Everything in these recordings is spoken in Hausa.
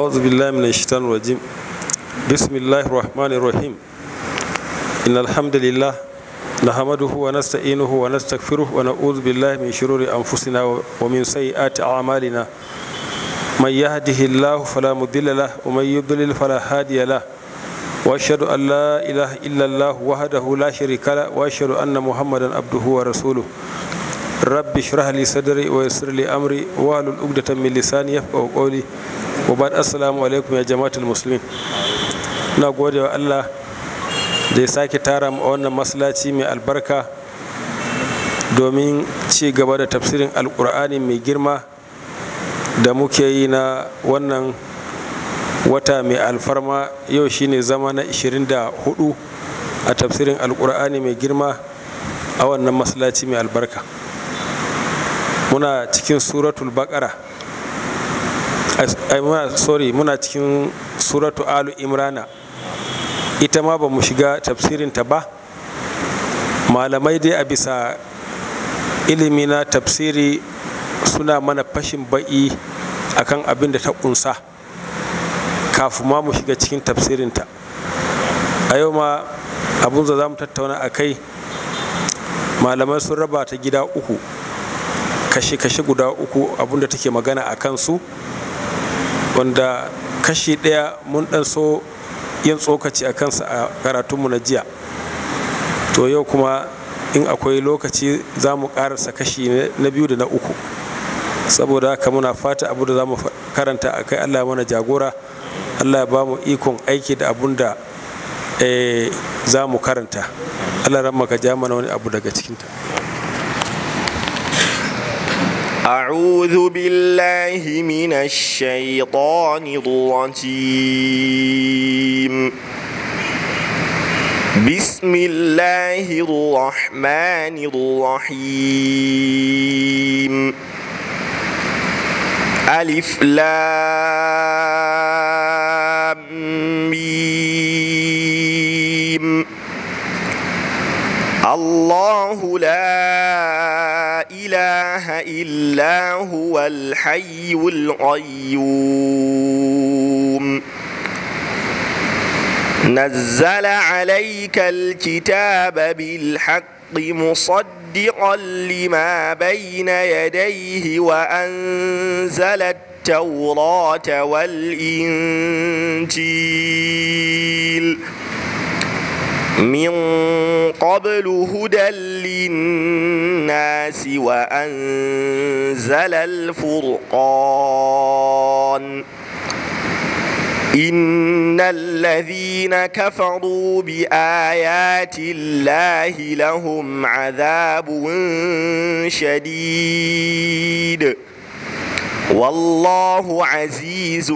أعوذ بالله من الشيطان الرجيم بسم الله الرحمن الرحيم إن الحمد لله نحمده ونستعينه ونستغفره ونعوذ بالله من شرور أنفسنا ومن سيئات أعمالنا من يهده الله فلا مضل له ومن يضلل فلا هادي له وأشهد أن لا إله إلا الله وحده لا شريك له وأشهد أن محمدا عبده ورسوله رب اشرح لي صدري ويسر لي أمري واحلل عقدة من لساني يفقهوا قولي wabar ba assalamu alaikum ya jama'atul musulmin na gode wa allah da ya sake tara a wannan masallaci mai albarka domin ci gaba da tafsirin alkur'ani mai girma da muke yi na wannan wata mai alfarma yau shine zama na 24 a tafsirin alkur'ani mai girma a wannan masallaci mai albarka muna cikin suratul bakara sorry muna cikin suratu alu imrana ita ma ba mu shiga tafsirin ta ba malamai dai a bisa ilimi na tafsiri suna mana fashin ba'i akan abin da ta kunsa kafin ma mu shiga cikin tafsirin ta a yau ma abin za mu tattauna a kai malamai sun raba ta gida uku kashe-kashe guda uku abinda take magana a kansu wanda kashi ɗaya mun ɗan so yin tsokaci a kansa a karatunmu na jiya to yau kuma in akwai lokaci za mu ƙararsa kashi na biyu da na uku saboda haka muna fata abu da za mu karanta a kai allah mana jagora allah ba mu ikon aiki da abun da eh, za mu karanta allah ran maka ja mana wani abu daga cikinta أعوذ بالله من الشيطان الرجيم بسم الله الرحمن الرحيم ألف لام ميم الله لا إله إلا هو الحي القيوم نزل عليك الكتاب بالحق مصدقا لما بين يديه وأنزل التوراة والإنجيل من قبل هدى للناس وأنزل الفرقان إن الذين كفروا بآيات الله لهم عذاب شديد والله عزيز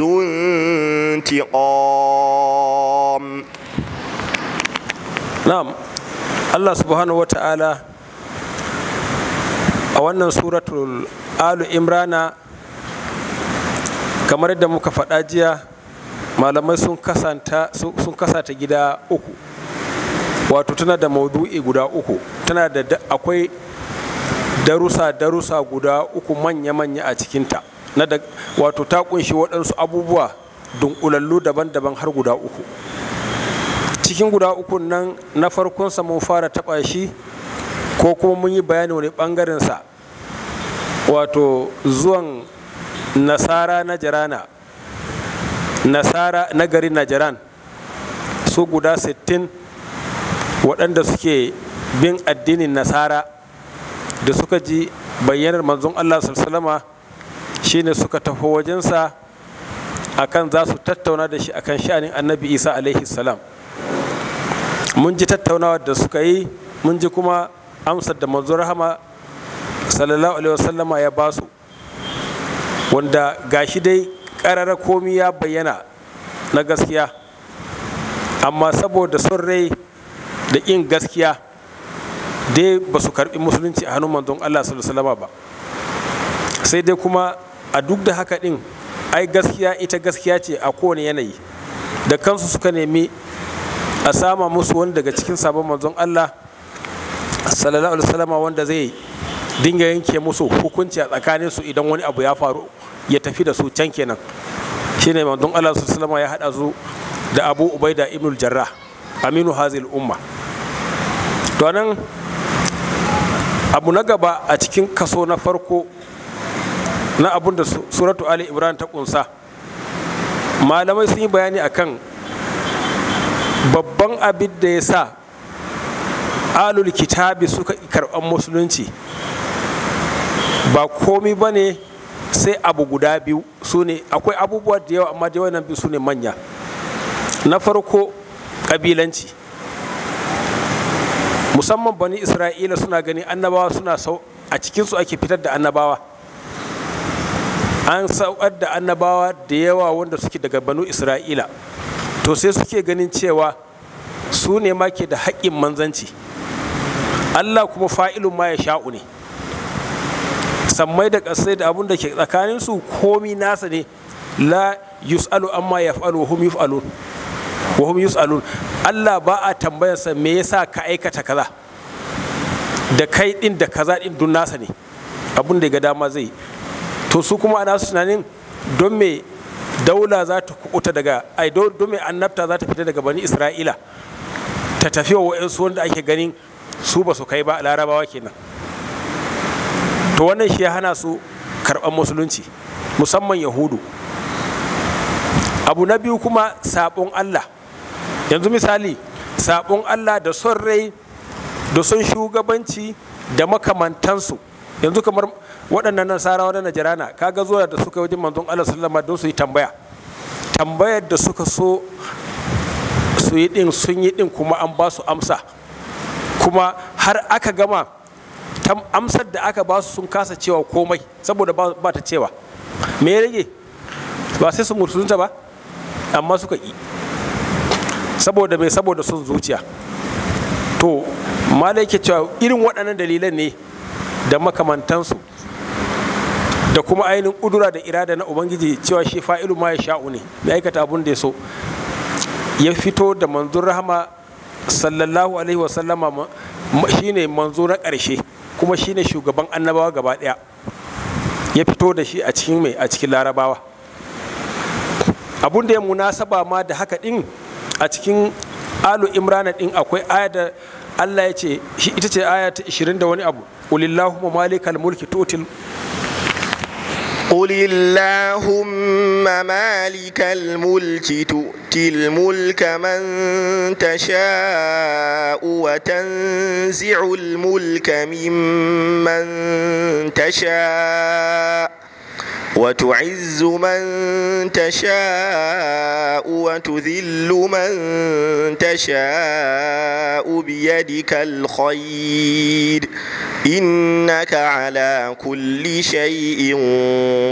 ذو انتقام na'am allah subhanahu wa ta'ala a wannan suratul alu imrana kamar yadda muka faɗa jiya malamai sun kasata gida uku wato tana da maudu'i guda uku tana da akwai darusa darusa guda uku manya-manya a cikinta wato ta kunshi waɗansu abubuwa dunkulallu daban-daban har guda uku cikin guda uku nan na farkonsa mun fara taɓa shi ko kuma mun yi bayani wani ɓangarensa wato zuwan nasara na jirana nasara na garin Najeran su guda 60 waɗanda suke bin addinin nasara da suka ji bayyanar manzon allah sallama shine suka tafi wajensa akan za su tattauna da shi akan sha'anin annabi isa alaihi salam mun ji tattaunawa da suka yi mun ji kuma amsar da manzo rahama sallallahu alaihi wasallama ya ba su wanda gashi dai karara komi ya bayyana na gaskiya amma saboda son rai da ƙin gaskiya dai ba su karɓi musulunci a hannun manzon allah sallallahu alaihi ba sai dai kuma a duk da haka ɗin ai gaskiya ita gaskiya ce a kowane yanayi da kansu suka nemi a sama musu wani daga cikin sabon manzon Allah sallallahu alaihi wasallam wanda zai dinga yanke musu hukunci a tsakanin su idan wani abu ya faru ya tafi da su can kenan shine manzon Allah sallallahu alaihi ya hada su da Abu Ubaida ibn Jarrah aminu hazil umma to nan abu na gaba a cikin kaso na farko na abun da suratu ali ibrahim ta kunsa malamai sun yi bayani akan babban abin da ya sa alul kitabi suka karɓar musulunci ba komi ba ne sai abu guda biyu su ne akwai abubuwa da yawa amma da nan biyu su ne manya na farko ƙabilanci musamman bani isra'ila suna gani annabawa suna sau a cikinsu ake fitar da annabawa an sauƙar da annabawa da yawa wanda suke daga banu isra'ila to sai suke ganin cewa su ne ma ke da haƙƙin manzanci allah kuma fa'ilun ma ya sha'u ne sammai da ƙasai da abun da ke tsakaninsu komi nasa ne la yus'alu amma ya fa'alu allah ba a tambayarsa me yasa ka aikata kaza da kai ɗin da kaza ɗin dun nasa ne abun da ga dama zai to su kuma ana su tunanin don me daula za ta kuɓuta daga ai dome annabta za ta fita daga bani isra'ila ta tafi wa wa'insu wanda ake ganin su ba su kai ba larabawa kenan to wannan shi ya hana su karɓar musulunci musamman yahudu abu na biyu kuma sabon allah yanzu misali sabon allah da son rai da son shugabanci da makamantansu yanzu kamar waɗannan nasarawa na najirana kaga zuwa da suka wajen manzon Allah sallama don su yi tambaya tambayar da suka so su yi din sun yi din kuma an ba su amsa kuma har aka gama amsar da aka ba su sun kasa cewa komai saboda ba ta cewa me ya rage ba sai su mutunta ba amma suka yi saboda mai saboda sun zuciya to malai ke cewa irin waɗannan dalilan ne da makamantansu da kuma ainihin kudura da irada na ubangiji cewa shi fa'ilu ma ya sha'u ne mai aikata abun da ya so ya fito da manzon rahama sallallahu alaihi wasallama shine manzo na ƙarshe kuma shine shugaban annabawa gaba ɗaya ya fito da shi a cikin mai a cikin larabawa abun da ya munasaba ma da haka ɗin a cikin alu imrana ɗin akwai aya da allah ya ce ita ce aya ta 20 da wani abu قل اللهم مالك الملك تؤتي قل اللهم مالك الملك تؤتي الملك من تشاء وتنزع الملك ممن تشاء وتعز من تشاء وتذل من تشاء بيدك الخير إنك على كل شيء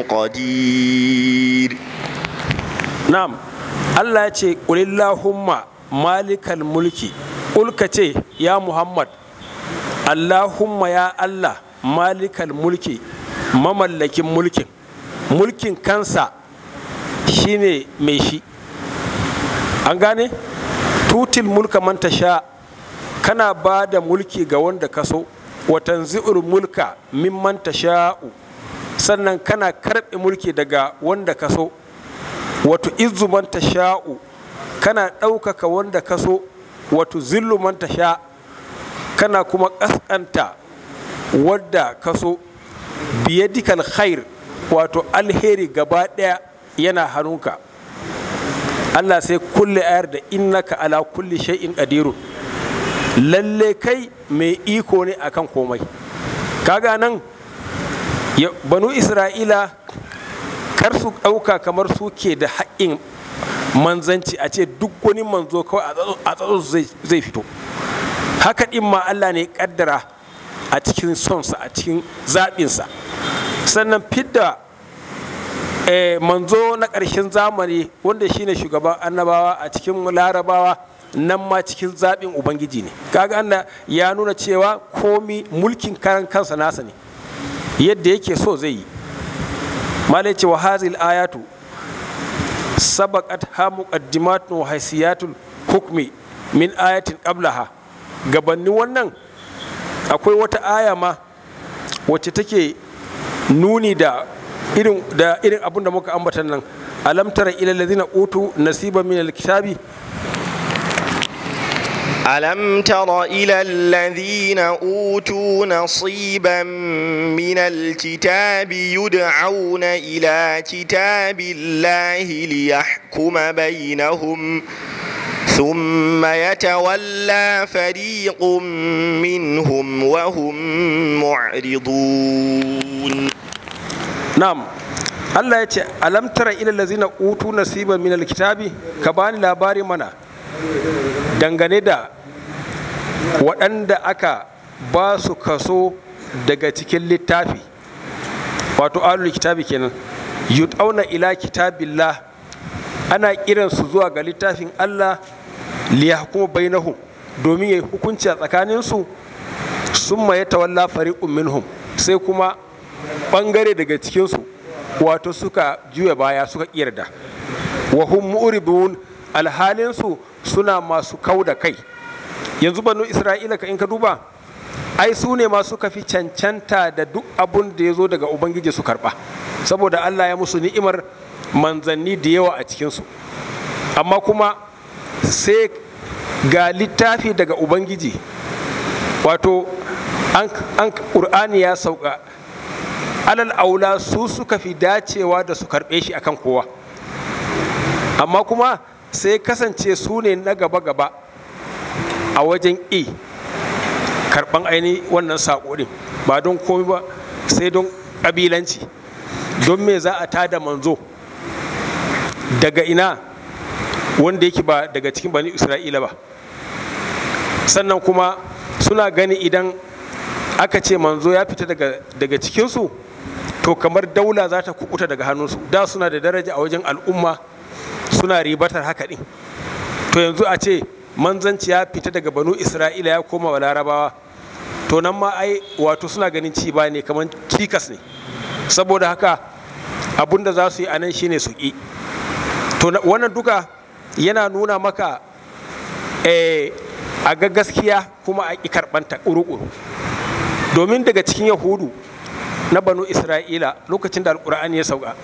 قدير نعم الله يقول قل اللهم مالك الملك قل كتي يا محمد اللهم يا الله مالك الملك مملك ملكك mulkin kansa shine mai shi an gane tutil mulka manta sha kana ba da mulki ga wanda ka so watan zi'ur mulka min manta sha'u sannan kana karɓe mulki daga wanda ka so wato izu manta sha'u kana ɗaukaka wanda ka so wato zillu manta sha kana kuma ƙasƙanta wadda ka so biyadikal khair wato alheri gaba ɗaya yana hannunka Allah sai kulle ayar da innaka ala kulli shay'in qadirun lalle kai mai iko ne akan komai kaga nan banu isra'ila kar su ɗauka kamar suke da haƙƙin manzanci a ce duk wani manzo kawai a tsatsu zai fito haka ɗin ma allah ne ƙaddara a cikin sonsa a cikin zaɓinsa sannan fidda eh, manzo na ƙarshen zamani wanda shine shugaban annabawa a cikin larabawa nan ma cikin zaɓin ubangiji ne kaga an ya nuna cewa komi mulkin karan kansa nasa ne yadda yake so zai yi malai cewa hazil ayatu sabakat ha muqaddimatun wa haysiyatul hukmi min ayatin ablaha gabanni wannan akwai wata aya ma wacce take nuni da irin da irin abin da muka ambata nan alam tara ila allazina utu nasiban min alkitabi ألم تر إلى الذين أوتوا نصيبا من الكتاب يدعون ila كتاب الله ليحكم Tumma يتولى فريق منهم وهم معرضون Allah ya ce alam tara ila lazina utu nasiban min alkitabi ka bani labari mana dangane da waɗanda aka ba kaso daga cikin littafi wato alul kitabi kenan yut'auna ila kitabillah ana kiran zuwa ga littafin Allah liyahkumu bainahum domin yayi hukunci a tsakanin su summa yatawalla fariqun minhum sai kuma bangare daga cikin su wato suka juya baya suka kirda wa hum mu'ribun alhalin su suna masu kauda kai yanzu banu isra'ila ka in ka duba ai su ne suka fi cancanta da duk abun da ya zo daga ubangiji su karba saboda allah ya musu ni'imar manzanni da yawa a cikinsu amma kuma sai ga littafi daga ubangiji wato an ƙur'ani ya sauka alal aula su suka fi dacewa da su karɓe shi akan kowa amma kuma sai kasance su ne na gaba-gaba a wajen e karɓan aini wannan saƙo ba don komi ba sai don ƙabilanci don me za a tada manzo daga ina wanda yake ba daga cikin bani isra'ila ba sannan kuma suna gani idan aka ce manzo ya fita daga cikinsu to kamar daula za ta kukuta daga hannunsu da suna da daraja a wajen al'umma suna ribatar haka ɗin to yanzu a ce manzanci ya fita daga banu isra'ila ya koma wa larabawa to nan ma ai wato suna ganin ci ba ne kamar cikas ne saboda haka abunda za su yi a nan shine su ƙi to wannan duka yana nuna maka eh, a ga gaskiya kuma a ƙi karɓanta ƙuru-ƙuru domin daga cikin yahudu na banu isra'ila lokacin da alƙur'ani ya sauka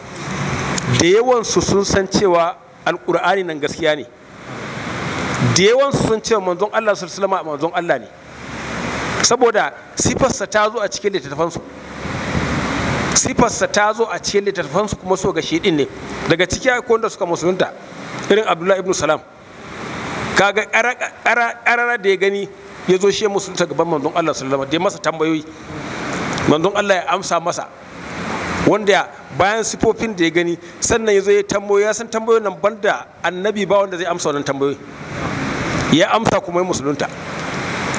da yawansu sun san cewa alƙur'ani nan gaskiya ne da yawansu sun cewa manzon allah sulama a manzon allah ne saboda sifarsa ta zo a cikin littattafansu sifarsa ta zo a cikin littattafansu kuma so ga shi ne daga ciki akwai wanda suka musulunta irin abdullahi ibn salam kaga karara da ya gani ya zo shi ya musulunta gaban manzon Allah sallallahu alaihi masa tambayoyi manzon Allah ya amsa masa wanda bayan sifofin da ya gani sannan ya zo ya tambayo ya san tambayoyin nan banda annabi ba wanda zai amsa wannan tambayoyi ya amsa kuma ya musulunta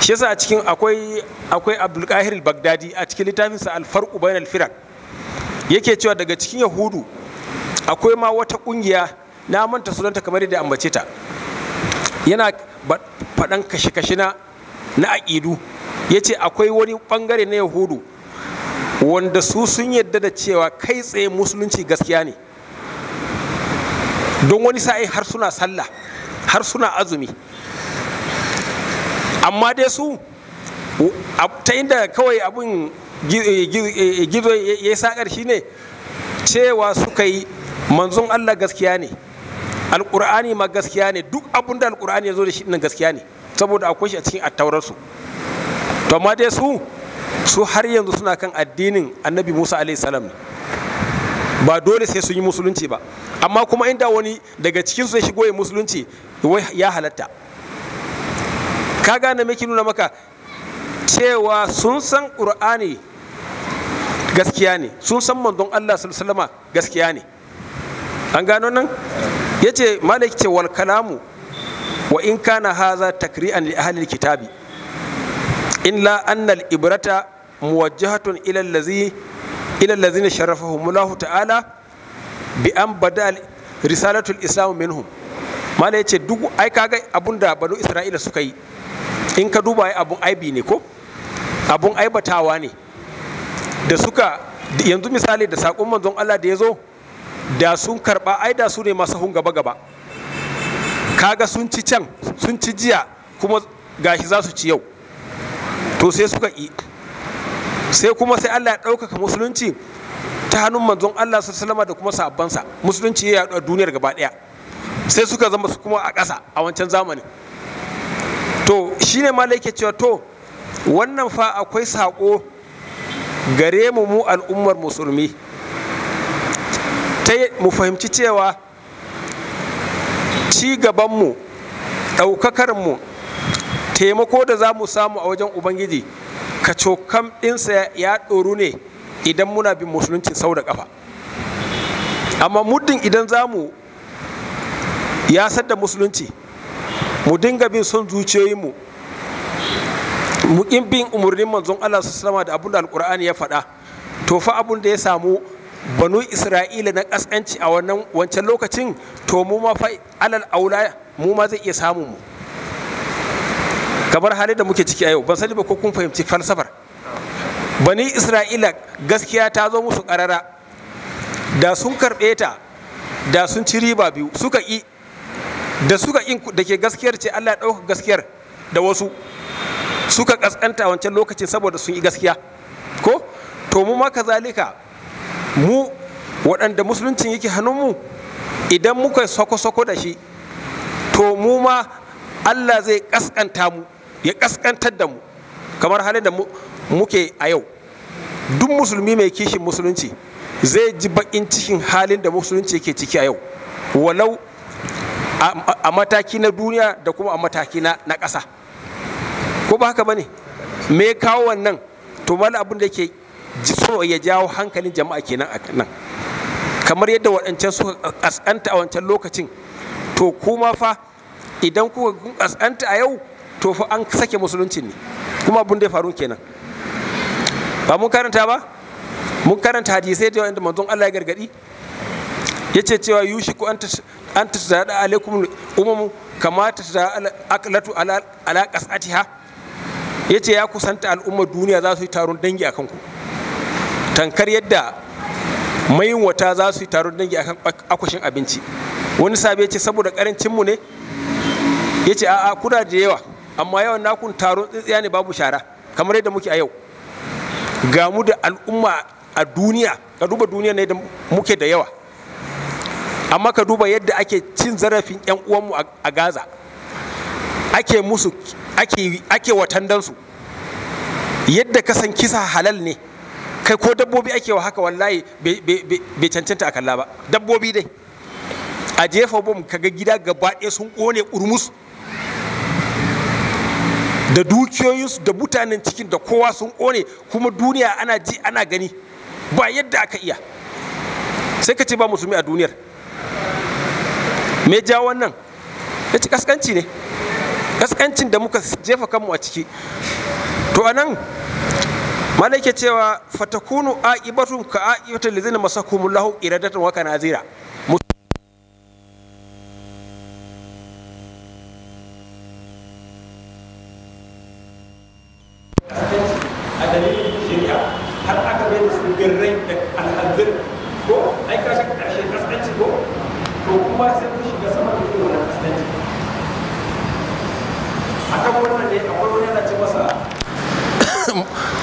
shi yasa a cikin akwai akwai Abdul al-Baghdadi a cikin littafinsa al-Farqu al Firaq yake cewa daga cikin Yahudu akwai ma wata kungiya na manta sunanta kamar yadda ambace ta yana faɗan kashe-kashe na na aƙidu ya ce akwai wani ɓangare na yahudu wanda su sun yadda da cewa kai tsaye musulunci gaskiya ne don wani sa'a har suna sallah har suna azumi amma dai su ta inda kawai abin eh, eh, gizo ya yi sakar shi ne cewa suka yi manzon allah gaskiya ne alƙur'ani ma gaskiya ne duk abin da alƙur'ani ya zo da shi ɗin gaskiya ne saboda akwai shi a cikin attaurarsu to amma dai su su har yanzu suna kan addinin annabi musa alaihi salam ne ba dole sai sun yi musulunci ba amma kuma inda wani daga cikin su ya shigo ya musulunci ya halatta ka gane miki nuna maka cewa sun san ƙur'ani gaskiya ne sun san manzon allah sallama gaskiya ne an gano nan yace malik ce wal kalamu wa in kana haza takri'an li ahli kitabi illa anna al ibrata muwajjahatun ila allazi ila allazina sharafahum Allah ta'ala bi an bada risalatul islam minhum mala yace duk ai kaga abun da banu isra'ila suka yi in ka duba abun aibi ne ko abun aibatawa ne da suka yanzu misali da sakon manzon Allah da ya zo da sun karba ai da su ne masu hun gaba gaba kaga sun ci can sun ci jiya kuma gashi za su ci yau to sai suka yi sai kuma sai Allah ya ɗaukaka musulunci ta hannun manzon Allah su salama da kuma sabbansa musulunci ya yaɗu a duniyar gaba ɗaya sai suka zama su kuma a ƙasa a wancan zamani to shine ma yake cewa to wannan fa akwai sako gare mu mu al'ummar musulmi ta mu fahimci cewa ci gabanmu ɗaukakarmu taimako da za mu samu a wajen ubangiji ka cokam ɗinsa ya ɗoru ne idan muna bin musulunci sau da ƙafa amma muddin idan za mu yasar da musulunci mu dinga bin son zuciyoyinmu mu bin umarnin manzon Allah su da abin da alkur'ani ya faɗa to fa abin da ya samu banu isra'ila na kasanci a wannan wancan lokacin to mu ma fa alal aula mu ma zai iya samu mu kamar halin da muke ciki a yau ban sani ba ko kun fahimci falsafar bani isra'ila gaskiya ta zo musu karara da sun karbe ta da sun ci riba biyu suka yi da suka ƙin da ke gaskiyar ce allah ɗauka gaskiyar da wasu suka ƙasƙanta wancan lokacin saboda sun yi gaskiya ko to mu ma kazalika mu waɗanda musuluncin yake mu, idan muka soko-soko da shi to mu ma allah zai ƙasƙanta mu ya ƙasƙantar da mu kamar halin da muke a yau duk musulmi mai kishin musulunci zai ji baƙin cikin halin da musulunci yake ciki a yau walau a mataki na duniya da kuma a mataki na ƙasa ko ba haka ba ne me kawo wannan to mala abin da ke so ya jawo hankalin jama'a kenan a nan kamar yadda waɗancan suka ƙasƙanta a wancan lokacin to kuma fa idan kuka ƙasƙanta a yau to fa an sake musuluncin ne kuma abin da ya faru kenan ba mun karanta ba mun karanta hadisai da wanda manzon Allah ya gargadi ce cewa yushiku an ta tada alaikum umamu kama tada aqlatu ala ala qasatiha yace ya kusanta al'ummar duniya za su yi taron dangi akan ku tankar yadda mayunwata za su yi taron dangi akan akwashin abinci wani sabi ya ce saboda karancin ne ya ce a'a kuna da yawa amma yawan nakun taron tsintsiya ne babu shara kamar yadda muke a yau ga mu da al'umma a duniya ka duba duniya ne da muke da yawa amma ka duba yadda ake cin zarafin 'yan uwanmu a gaza ake musu ake watandansu yadda kasan kisa halal ne kai ko dabbobi ake wa haka wallahi bai cancanta a kalla ba dabbobi dai a jefa bom kaga gida gaba ɗaya sun ƙone ƙurmus da dukiyoyinsu da mutanen cikin da kowa sun ƙone kuma duniya ana ji ana gani ba yadda aka iya sai ka ce ba musulmi a duniyar me ja wannan ya ci kaskanci ne kaskancin da muka jefa kanmu a ciki to anan mana yake cewa fatakunu a'ibatu ka aqibatan lizina masakumullahu iradatan wa kanazira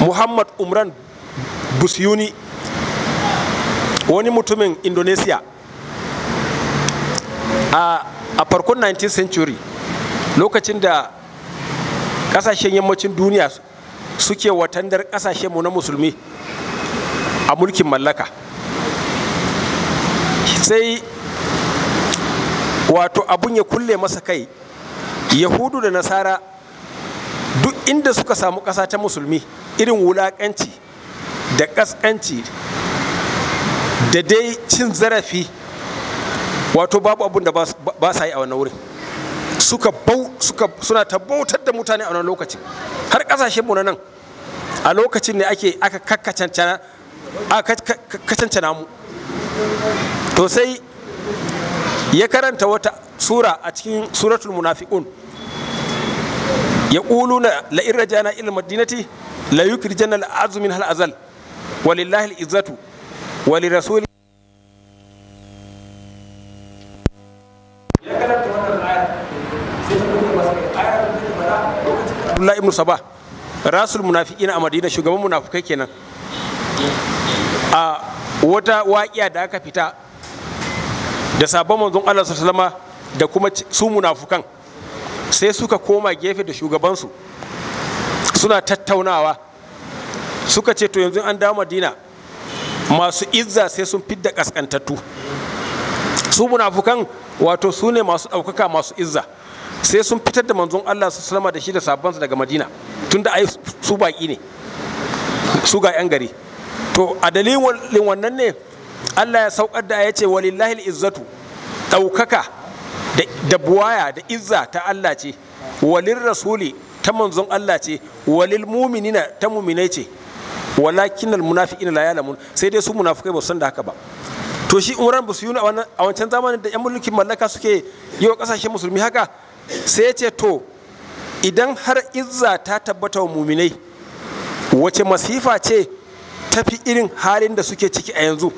muhammad umran busyuni wani mutumin indonesia a farkon 19th century lokacin da kasashen yammacin duniya suke watandar kasashenmu na musulmi a mulkin mallaka sai wato abun ya kulle masa kai yahudu da nasara duk inda suka samu ƙasa ta musulmi irin wulaƙanci da ƙasƙanci da dai cin zarafi wato babu abin da ba sa yi a wannan wurin suka bau suka suna ta bautar da mutane a wannan lokacin har ƙasashen mu na nan a lokacin ne ake aka kakkacancana mu to sai ya karanta wata sura a cikin suratul munafiqun Ya yaquluna la in rajana ila madinati la yukrijana al azumin hal azal walillahi al izzatu wa li rasuli Abdullahi ibn Sabah rasul munafiqin a Madina shugaban munafukai kenan a wata waƙiya da aka fita da sabon manzon Allah sallama da kuma su munafukan sai suka koma gefe da shugabansu suna tattaunawa suka ce to yanzu an dawo madina masu izza sai sun fidda kaskantattu su munafukan wato su ne masu ɗaukaka masu izza sai sun fitar da manzon Allah su salama da shi da sabansa daga madina tunda ai su baƙi ne su ga 'yan gari to a dalilin wannan ne Allah ya saukar da ya ce walillahi izzatu ɗaukaka da buwaya da izza ta Allah ce walil rasuli ta manzon Allah ce walil muminina ta muminai ce walakin al munafiqina la ya'lamun sai dai su munafikai ba su san da haka ba to shi umran ba su yi a wancan zamanin da yan mulkin mallaka suke yi wa kasashen musulmi haka sai ya ce to idan har izza ta tabbata wa muminai wace masifa ce tafi irin halin da suke ciki a yanzu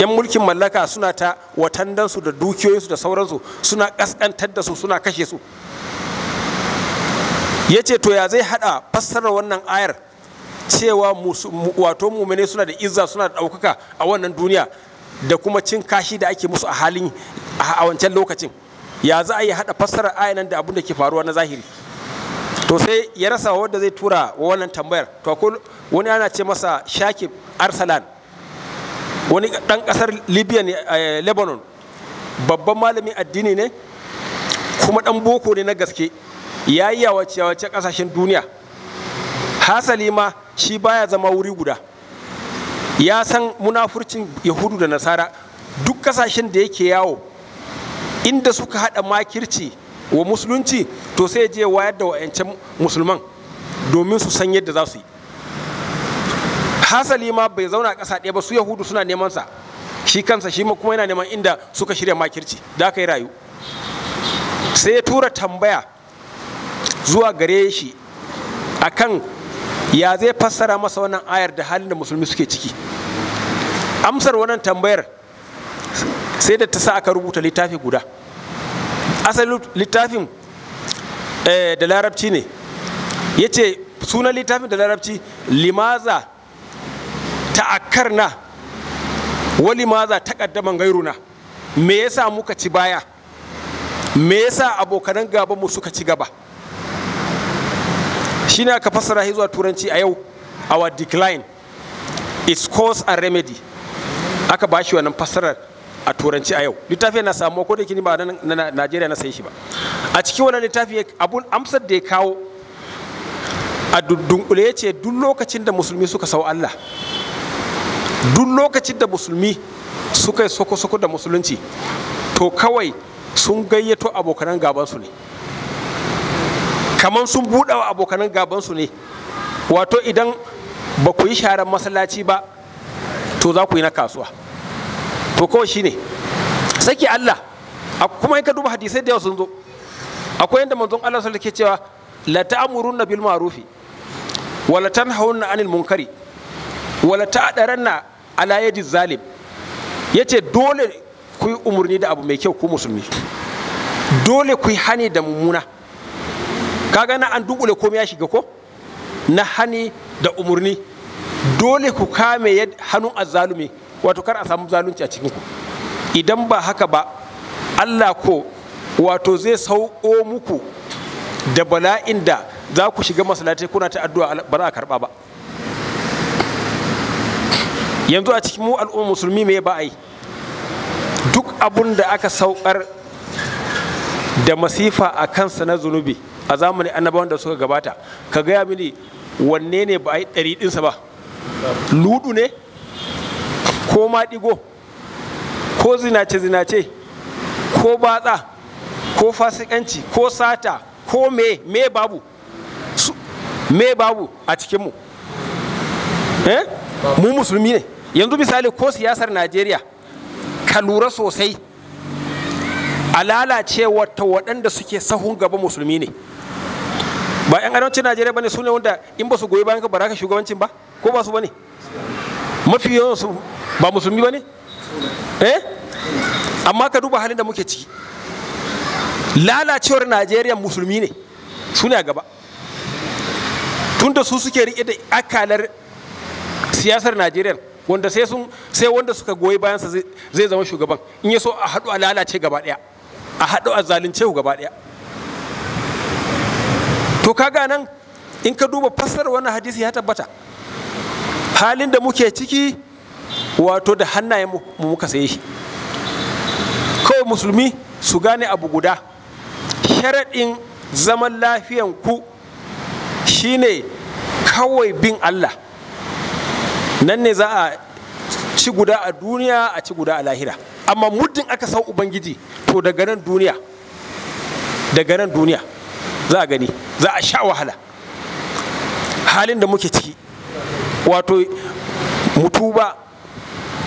yan mulkin mallaka suna ta watandansu da dukiyoyinsu da sauransu suna kaskantar da su suna kashe su ya ce to ya zai hada fassarar wannan ayar cewa wato mumene suna da izza suna da ɗaukaka a wannan duniya da kuma cin kashi da ake musu a halin a wancan lokacin ya za a yi hada fassarar nan da abin da ke faruwa na zahiri to sai ya rasa wanda zai tura wa wannan tambayar to wani ana ce masa shakib arsalan wani ɗan ƙasar libya ne a eh, lebanon babban malamin addini ne kuma ɗan boko ne na gaske ya yi yawace yawace ƙasashen duniya hasali ma shi baya zama wuri guda ya san munafurcin yahudu da nasara duk ƙasashen da yake yawo inda suka haɗa makirci wa musulunci to sai je wayar da wa'ancan musulman domin su san yadda za su yi hasali ma bai zauna a ƙasa ɗaya ba su yahudu suna neman sa shi kansa shi kuma yana neman inda suka shirya makirci da aka yi rayu sai ya tura tambaya zuwa gare shi akan ya zai fassara masa wannan ayar da halin da musulmi suke ciki amsar wannan tambayar sai da ta sa aka rubuta littafi guda asalin littafin eh, da larabci ne ya ce sunan littafin da larabci limaza ta'akkarna wali maza takaddaman gairuna me yasa muka ci baya me yasa abokanan gaban mu suka ci gaba shine aka fassara shi zuwa turanci a yau our decline is cause and remedy aka ba shi wannan fassarar a turanci a yau littafi na samu ko da kini ba na Najeriya na sai shi ba a cikin wannan littafi abun amsar da ya kawo a dundunkule ya ce duk lokacin da musulmi suka sau Allah duk lokacin da musulmi suka yi soko-soko da musulunci to kawai sun gayyato abokanan gabansu ne kamar sun buɗa wa abokanan gabansu ne wato idan ba ku yi sharan masallaci ba to za ku yi na kasuwa to kawai shi ne, saki Allah kuma in ka duba hadisai da yawa sun zo akwai yadda manzon Allah sallallahu ke cewa la ta'muruna bil ma'rufi wala la 'anil munkari wa ta'daranna ala yaji zalim ce dole ku yi umarni da abu mai kyau ku musulmi dole ku yi hani da mummuna kaga na an dubule komai ya shiga ko na hani da umarni dole ku kame hannun azzalumi wato kar a samu zalunci a cikinku idan ba haka ba allah ko wato zai sauko muku da bala'in da za ku shiga masalatai kuna ta addu'a ba za a karba ba yanzu a cikin mu musulmi mai ba yi duk abun da aka saukar da masifa a kansa na zunubi a zamanin annabawan da suka gabata ka gaya mini wanne ne ba a yi ɗari ɗinsa ba ludu ne ko maɗigo ko zinace-zinace ko batsa ko fasikanci ko sata ko me me babu me babu a cikinmu eh? mu musulmi ne yanzu misali ko siyasar najeriya ka lura sosai a lalacewar ta waɗanda suke sahun gaba musulmi ne ba 'yan arancin najeriya ba ne su ne wanda in ba su goyi bayan ka ba raka shugabancin ba ko ba su ba ne mafi su ba musulmi ba ne eh amma ka duba halin da muke ciki lalacewar najeriya musulmi ne su ne a gaba tunda su suke riƙe da akalar siyasar najeriya wanda sai sun sai wanda suka goyi bayansa zai zama shugaban in ya so a haɗu a lalace gaba ɗaya a haɗu a zalunce gaba ɗaya to kaga nan in ka duba fassarar wannan hadisi ya tabbata halin da muke ciki wato da hannayen mu muka saye shi kawai musulmi su gane abu guda sharaɗin zaman lafiyan ku shine kawai bin Allah nan ne za a ci guda a duniya a ci guda a lahira amma muddin aka san ubangiji to daga nan duniya daga nan duniya za a gani za a sha wahala halin da muke ciki wato mutuba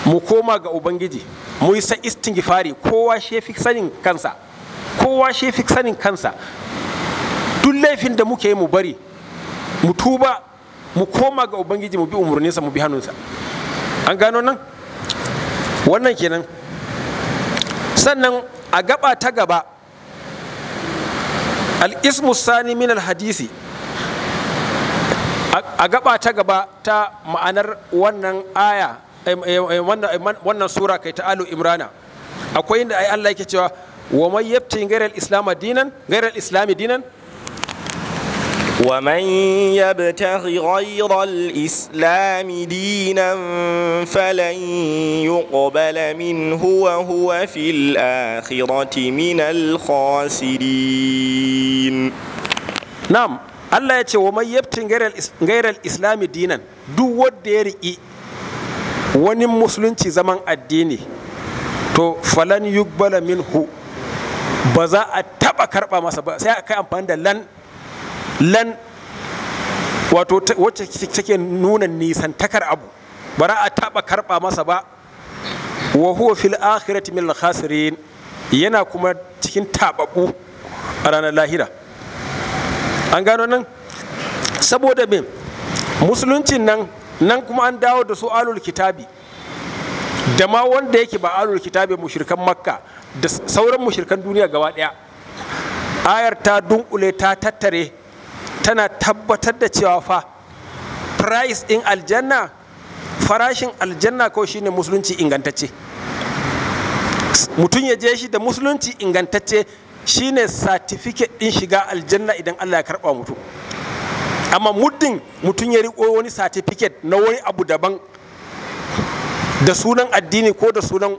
mu koma ga ubangiji mu yi san istingifari kowa shefi sanin kansa kowa shefi sanin kansa duk laifin da muke yi mu bari mutuba. mu koma ga ubangiji mu bi umarninsa mu bi hannunsa an gano nan wannan kenan sannan a gaba ta gaba al sani min al-hadisi a gaba ta gaba ta ma'anar wannan aya wannan sura kai ta alu imrana akwai inda ai Allah yake cewa wa may yabti ghayra islam dinan ghayra islam dinan ومن يبتغ غير الإسلام دينا فلن يقبل منه وهو في Allah ya ce wa mai gairar islami dinan duk wanda ya riƙi wani musulunci zaman addini to falan yugbala minhu ba za a taɓa karɓa masa ba sai a kai amfani da lan lan wato wacce take nuna nisantakar abu ba a taɓa karɓa masa ba wa huwa fil akhirati min khasirin yana kuma cikin taɓaɓu a ranar lahira an gano nan saboda me musuluncin nan nan kuma an dawo da su alul kitabi da ma wanda yake ba alul kitabi makka da sauran shirkan duniya gaba ɗaya ayar ta dunkule ta tattare tana tabbatar da cewa fa price in aljanna farashin aljanna ko shine musulunci ingantacce mutum ya je shi da musulunci ingantacce shine certificate din shiga aljanna idan Allah ya karba mutum amma muddin mutum ya riko wani certificate na wani abu daban da sunan addini ko da sunan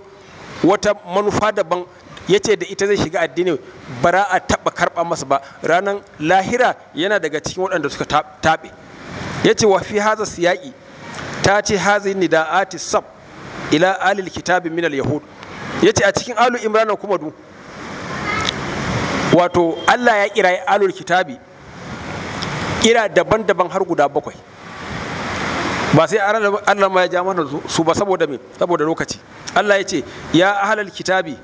wata manufa daban Yace da ita zai shiga addini ba a taɓa karɓa masa ba ranar lahira yana daga cikin waɗanda suka tabe Yace wa fi haza siyaki ta ce hazi nida'ati sab ila alil kitabi minal yahud Yace a cikin alu imrana kuma du wato allah ya kira ya alul kitabi kira daban-daban har guda bakwai ba sai allah ma ya ja mana su ba saboda me saboda lokaci allah ya ce ya ahalal kitabi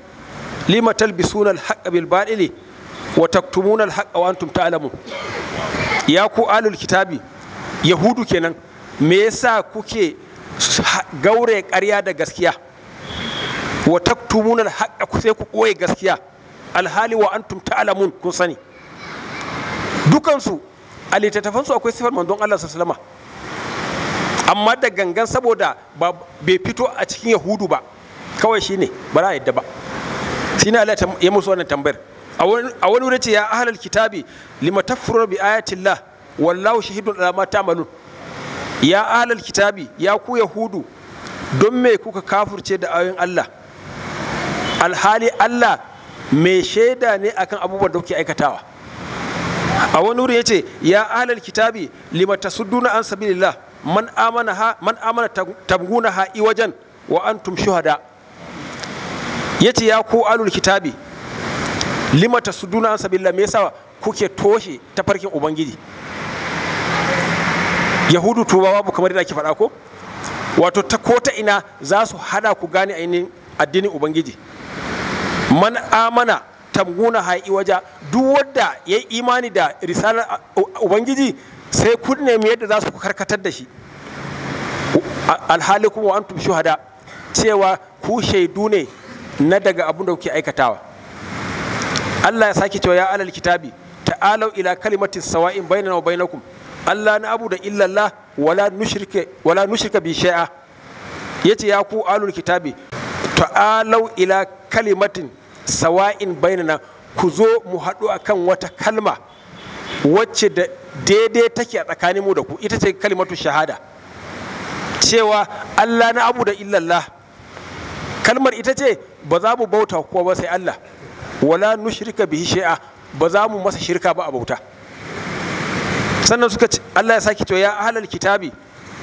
lima talbisuna alhaqqa bil batili wa taktumuna alhaqqa wa antum ta'lamun ya ku alul kitabi yahudu kenan me yasa kuke gaure ƙarya da gaskiya wa taktumuna alhaqqa ku sai ku ɓoye gaskiya alhali wa antum ta'lamun kun sani su a su akwai sifar manzon Allah sallama amma da gangan saboda bai fito a cikin yahudu ba kawai shine ba za a yadda ba Sina na Allah ya musu wannan tambayar a wani wuri ce ya ahlal kitabi lima tafuru bi ayatillah wallahu shahidun ala ma ta'malun ya ahlal kitabi ya ku yahudu don me kuka kafurce da ayoyin Allah alhali Allah mai shaida ne akan abubuwan da kuke aikatawa a wani wuri yace ya ahlal kitabi lima tasudduna an sabilillah man amana ha man amana tabguna ha iwajan wa antum shuhada' yace ya ku alul kitabi lima duna an sabilillah me yasa kuke toshe ta farkin ubangiji yahudu tuba babu kamar yana ake faɗa ko wato ta ko ina za su hada ku gane ainihin addinin ubangiji man amana tamguna ha'i waja duk wanda ya yi imani da risalar ubangiji sai kun nemi yadda za su karkatar da shi alhali kuma wa antum shuhada cewa ku shaidu ne na daga abin da kuke aikatawa Allah ya sake cewa ya alal kitabi ta'alau ila kalimatin sawa'in bainana wa bainakum Allah na abu da illallah wala nushrike wala nushrika bi shay'a yace ya ku alul kitabi ta'alau ila kalimatin sawa'in bainana ku zo mu haɗu akan wata kalma wacce da daidai take a tsakanin mu da ku ita ce kalimatu shahada cewa Allah na abu da illallah kalmar ita ce ba za mu bauta kowa ba sai Allah wala nushrika bihi shi'a ba za mu masa shirka ba a bauta sannan suka ce Allah ya saki to ya ahlal kitabi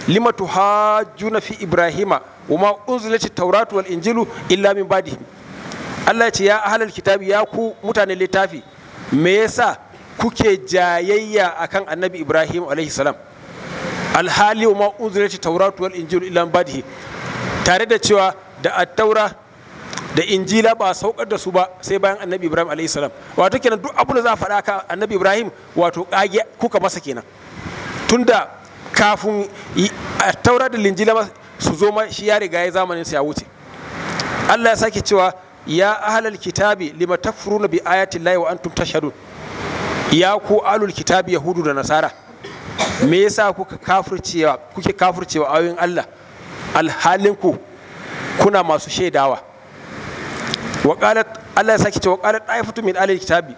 lima tuhajjuna fi ibrahima ma unzilati tawratu wal injilu illa min ba'dih Allah ya ce ya ahlal kitabi ya ku mutanen littafi me yasa kuke jayayya akan annabi ibrahim alaihi salam alhali ma unzilati tawratu wal injilu illa min ba'dih tare da cewa da taura. da injila ba a saukar da su ba sai bayan annabi ibrahim alaihissalam wato kenan duk abin da za a faɗa ka annabi ibrahim wato kage kuka masa kenan tunda kafin a taura da linjila su zo ma shi ya riga ya zamanin su ya wuce allah ya sake cewa ya ahlal kitabi lima takfuruna bi ayati llahi wa antum tashhadun ya ku alul kitabi yahudu da nasara me yasa kuka kafircewa kuke kafircewa ayoyin allah alhalinku kuna masu shaidawa wa Allah ya sake cewa qalat ta'ifatu min ahli kitabi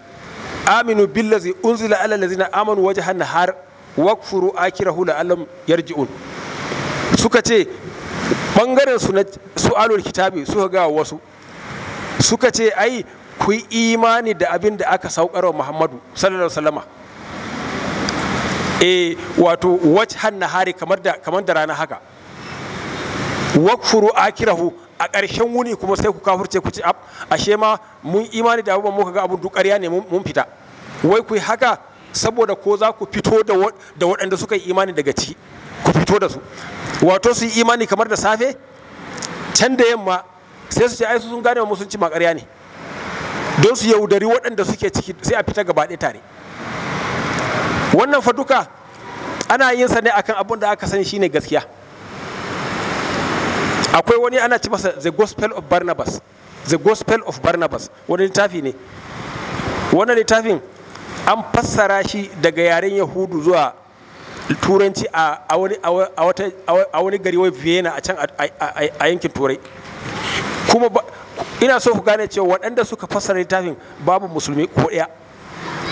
aminu billazi unzila ala allazina amanu wajhan nahar wakfuru akirahu la'allam yarji'un suka ce bangaren su na su'alul kitabi suka ga wasu suka ce ai ku yi imani da abin da aka saukarwa muhammadu sallallahu alaihi e wato wajhan nahari kamar da kamar da rana haka wakfuru akirahu a ƙarshen wuni kuma sai ku kafurce ku ci ab ashe ma mun imani da abubuwan muka ga abun duk ƙarya ne mun fita wai ku haka saboda ko za ku fito da waɗanda suka yi imani daga ciki ku fito da su wato su yi imani kamar da safe can da yamma sai su ce ai sun gane mu sun ci makarya ne don su yaudari waɗanda suke ciki sai a fita gaba ɗaya tare wannan fa duka ana yin sa ne akan abin da aka sani shine gaskiya akwai wani ana ci masa the gospel of barnabas the gospel of barnabas wani littafi ne wannan littafin an fassara shi daga yaren yahudu zuwa turanci a wani gari wai vienna a can a yankin turai kuma ina so ku gane cewa waɗanda suka fassara littafin babu musulmi ko ɗaya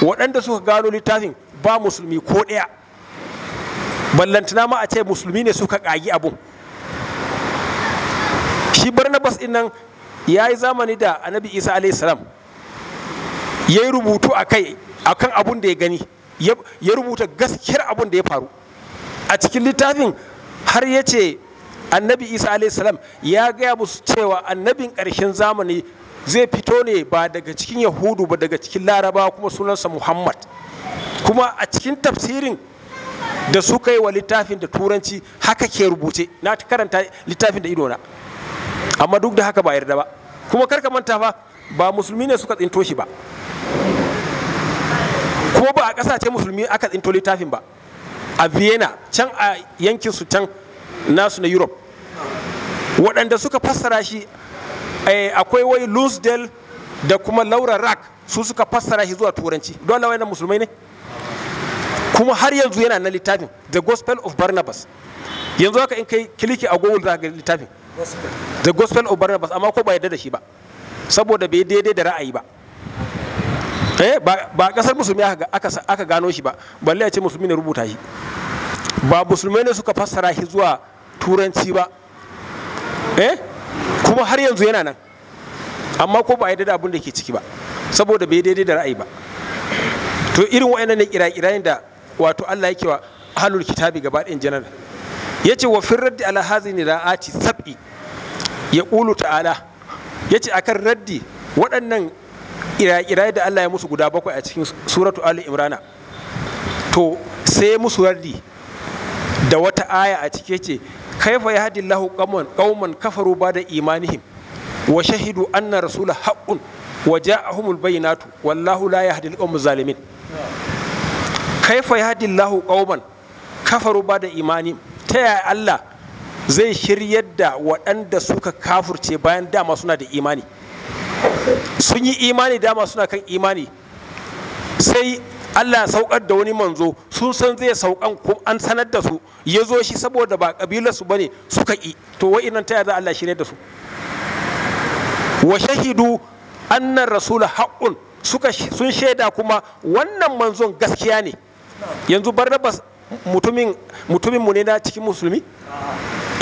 waɗanda suka gano littafin ba musulmi ko ɗaya ballantana ma a ce musulmi ne suka ƙagi abun shi barnabas din nan ya yi zamani da annabi isa alayhi salam ya yi rubutu a kai a kan abun da ya gani ya rubuta gaskiyar abun da ya faru a cikin littafin har ya ce annabi isa alayhi salam ya gaya musu cewa annabin ƙarshen zamani zai fito ne ba daga cikin yahudu ba daga cikin larabawa kuma sunansa muhammad kuma a cikin tafsirin da suka yi wa littafin da turanci haka ke rubuce na karanta littafin da idona amma duk da haka ba yarda ba kuma karka manta fa ba musulmi ne suka tsinto shi ba kuma ba a ƙasashe musulmi aka tsinto littafin ba a vienna can a yankin su can nasu na europe waɗanda suka fassara shi eh, akwai wai Lunsdale da kuma Laura Rack su suka fassara shi zuwa turanci don lawai wannan musulmai ne kuma har yanzu yana na littafin The Gospel of Barnabas yanzu haka in kai kiliki a Google za ga littafin the gospel of barnabas amma ko ba yadda da shi ba saboda bai daidai da ra'ayi ba eh ba kasar musulmi aka gano shi ba balle a ce musulmi ne rubuta shi ba musulmai ne suka fassara shi zuwa turanci ba eh kuma har yanzu yana nan amma ko ba yadda da abin da ke ciki ba saboda bai daidai da ra'ayi ba to irin wa'annan ne kira-kirayen da wato Allah yake wa halul kitabi gaba ɗayan janar yace wa fi raddi ala hazini ra'ati sab'i ya ƙulu ta'ala yace akan raddi waɗannan iraye da Allah ya musu guda bakwai a cikin suratu Ali Imrana to sai musu raddi da wata aya a cike ce kaifa ya Allahu lahu kauman kafaru ba da imanihim wa shahidu anna rasula haqqun wa ja'ahumul bayyinatu wallahu la yahdi al-qawm zalimin kaifa yahdi lahu kauman kafaru ba da imanihim ta yaya Allah zai shiryar da waɗanda suka kafurce bayan dama suna da imani sun yi imani dama suna kan imani sai Allah saukar da wani manzo sun san zai saukan kuma an sanar da su ya zo shi saboda ba ƙabilar su bane suka ƙi to wai nan ta yaya Allah shirye da su wa shahidu annar rasul haqqun suka sun shaida kuma wannan manzon gaskiya ne yanzu Barnabas mutumin mu ne na cikin musulmi